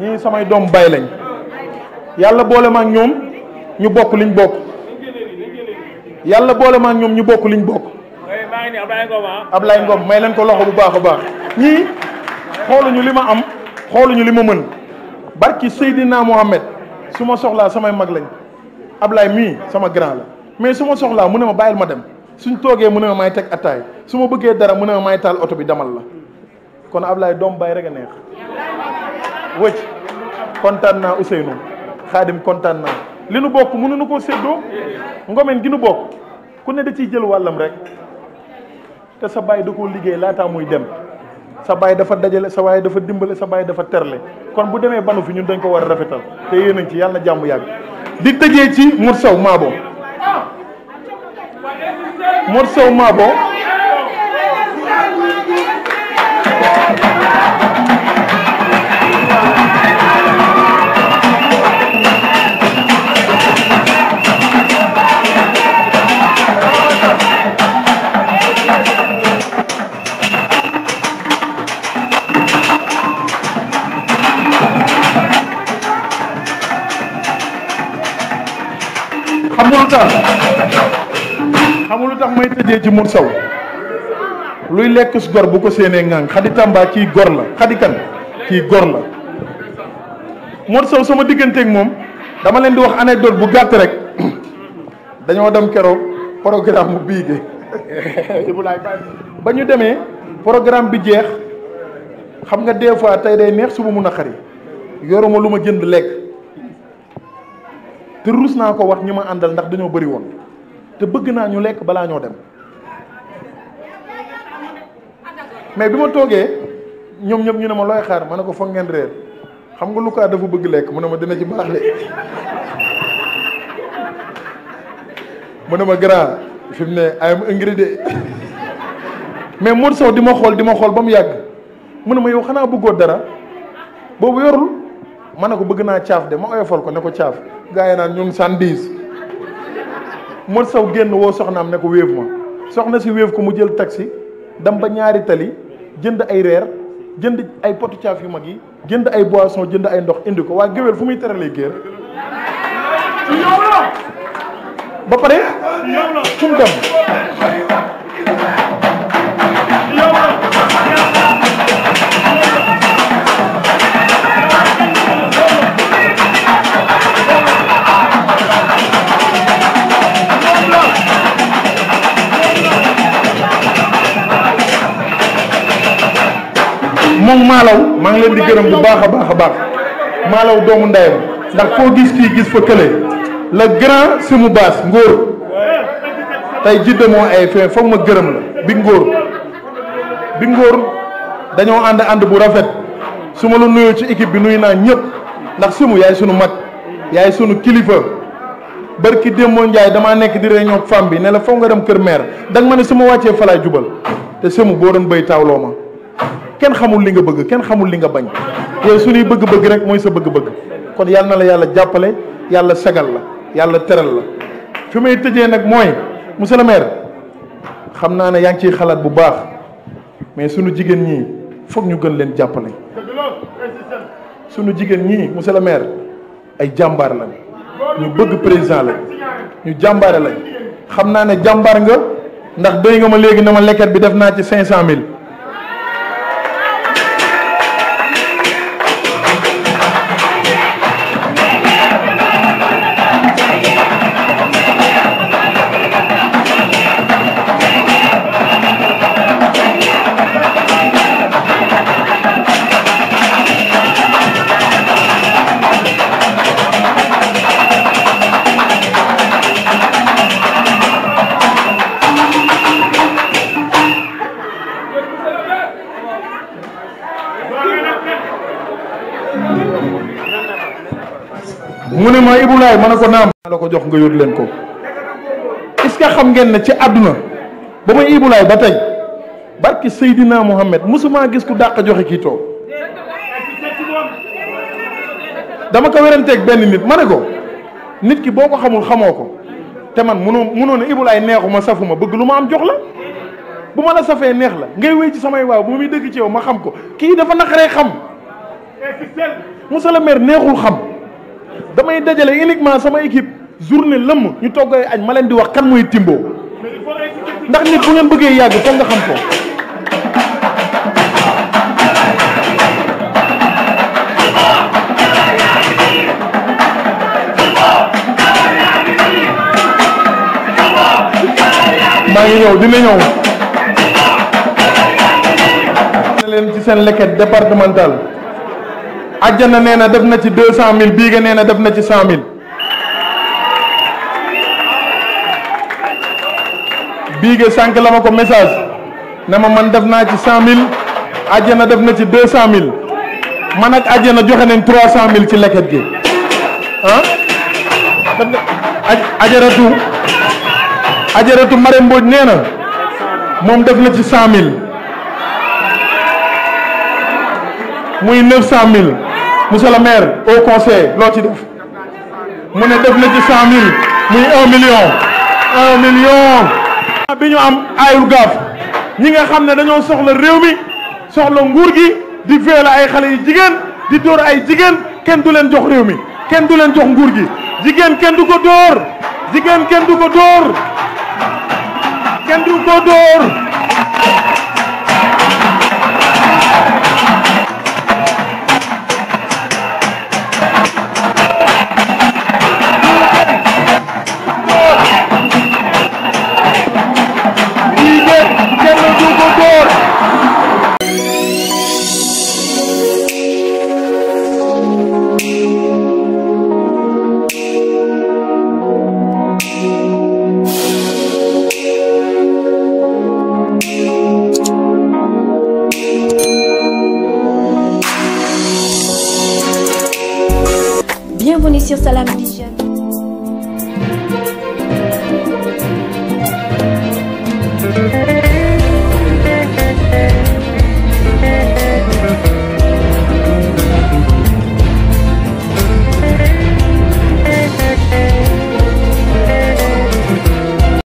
ñii samay doom bay lañ yàlla boole ma ñoom ñu bokk liñ bokk yàlla boole ma ñoom ñu bokk liñ bokk Ablaye Ngom may leen ko loxo bu baax a baax ñii xooluñu li ma am xooluñu li ma mën barki Seydina Mohamed su ma soxlaa samay mag lañ Ablaye mii sama grand la mais su ma soxlaa mu ne ma bàyyil ma dem suñ toogee mun ne ma may teg attaay su ma bëggee dara mu na ma may taal oto bi demal la kon Ablaye doom baay rek a neex wëcc kontaan naa Ousseynou xaadim kontaan naa li nu bokk nu koo séddoo ngomeen gi nu bokk ku ne da ciy jël wàllam rek te sa baay da koo liggéey laataa muy dem sa baay dafa dajale sa waay dafa dimbale sa baay dafa terle kon bu demee banu fi ñun dañ ko war a rafetal te yéen ci yàlla na jàmm yàgg di tëjee ci Mor Sow Maabo Mor Sow Maabo may tëjee ci Mor Sow luy lekk su gor bu ko seenee ngang xadi Tamba kii gor la xadi kan kii gor la Mor Sow sama digganteeg moom dama leen di wax anecdote bu gàtt rek dañoo dem keroog programme bu bii gi ba ñu demee programme bi jeex xam nga des fois tey day neex suba mun a xari yoruma lu ma jënd lekk te ruus naa ko wax ñi ma àndal ndax dañoo bari woon te bëgg naa ñu lekk balaa ñoo dem mais bi ma toogee ñoom ñëpp ñu ne ma looy xaar ma ne ko foog ngeen réer xam nga lu kaa dafa bëgg lekk mën na ma dina ci baax de mu ne ma grand fi mu ne ay am ingrédient mais Modou Sow di ma xool di ma xool ba mu yàgg mën na ma yow xanaa bëggoo dara boobu yorul ma ne ko bëgg naa caaf de ma oyofal ko ne ko caaf gars yi naan ñun sandis mot saw génn woo soxnaam ne ko wéef ma soxna si wéef ko mu jël taxi dem ba ñaari tali jënd ay reer jënd ay potu caaf yu mag yi jënd ay boisson jënd ay ndox indi ko waa géwél fu muy teralee géer ba pare fu mu dem moom maalaw maa ngi leen di gërëm bu baax a baax a baax maalaw doomu ndeyam ndax foo gis kii gis fa kële le grand simu baas ngóor tey jidde moo ay fin foog ma gërëm la bi ngóor bi ngóor dañoo ànd ànd bu rafet su ma la nuyoo ci équipe bi nuy naa ñëpp ndax simu yaay sunu mag yaay sunu kilifa barki démboo Njaay damaa nekk di réunion femme bi ne la foog nga dem kër maire danga ma ne su ma wàccee falaay jubal te simu boo doon béy tawloo ma kenn xamul li nga bëgg kenn xamul li nga bañ su suñuy bëgg-bëgg rek mooy sa bëgg-bëgg kon yàlla na la yàlla jàppale yàlla sagal la yàlla teral la fi may tëjee nag mooy monsieur le xam naa ne yaa ngi ciy xalaat bu baax mais suñu jigéen ñi foog ñu gën leen jàppale suñu jigéen ñi monsieur le ay jàmbaar lañ ñu bëgg président la ñu jàmbaare la xam naa ne jàmbaar nga ndax doy nga ma léegi na ma lekket bi def naa ci cinq cent mille mu ne ma Ibou Laye ma ne ko naam la ko jox nga yóbbu leen ko est xam ngeen ne ci àdduna ba may Ibou ba tey barki Seydina Mohamed mosuma gis ku dàq joxe kii toog dama ko weranteeg benn nit ma ne ko nit ki boo ko xamul xamoo ko te man munoo munoo ne Ibou Laye neexuma safuma bëgg lu ma am jox la bu ma la safee neex la ngay wéy ci samay waaw bu muy dëgg ci yow ma xam ko kii dafa naqaree xam monsieur le maire neexul xam damay dajale uniquement sama équipe journée lëmm ñu toggee añ ma leen di wax kan mooy Timbo ndax nit bu ngeen bëggee yàgg foog nga xam ko. maa ngi ñëw dina ñëw. leen ci seen leket départemental. àjjana nee na def na ci deux cent mille bii nga na def na ci cent mille bii nga sànq la ko message na ma man def naa ci cent mille àjjana def na ci deux cent mille man ak àjjana joxe nen trois cent mille ci leket gi ah ajaratu ajaratu Mare Mbodj nee na moom def na ci cent mille muy neuf cent mille monsieur le maire au conseil loo ci def mu ne def na ci muy un million un million bi ñu am ayul gaaf ñi nga xam ne dañoo soxla réew mi soxla nguur gi di violer ay xale yu jigéen di dóor ay jigéen kenn du leen jox réew mi kenn du leen jox nguur gi jigéen kenn du ko dóor jigéen kenn du ko dóor kenn du ko dóor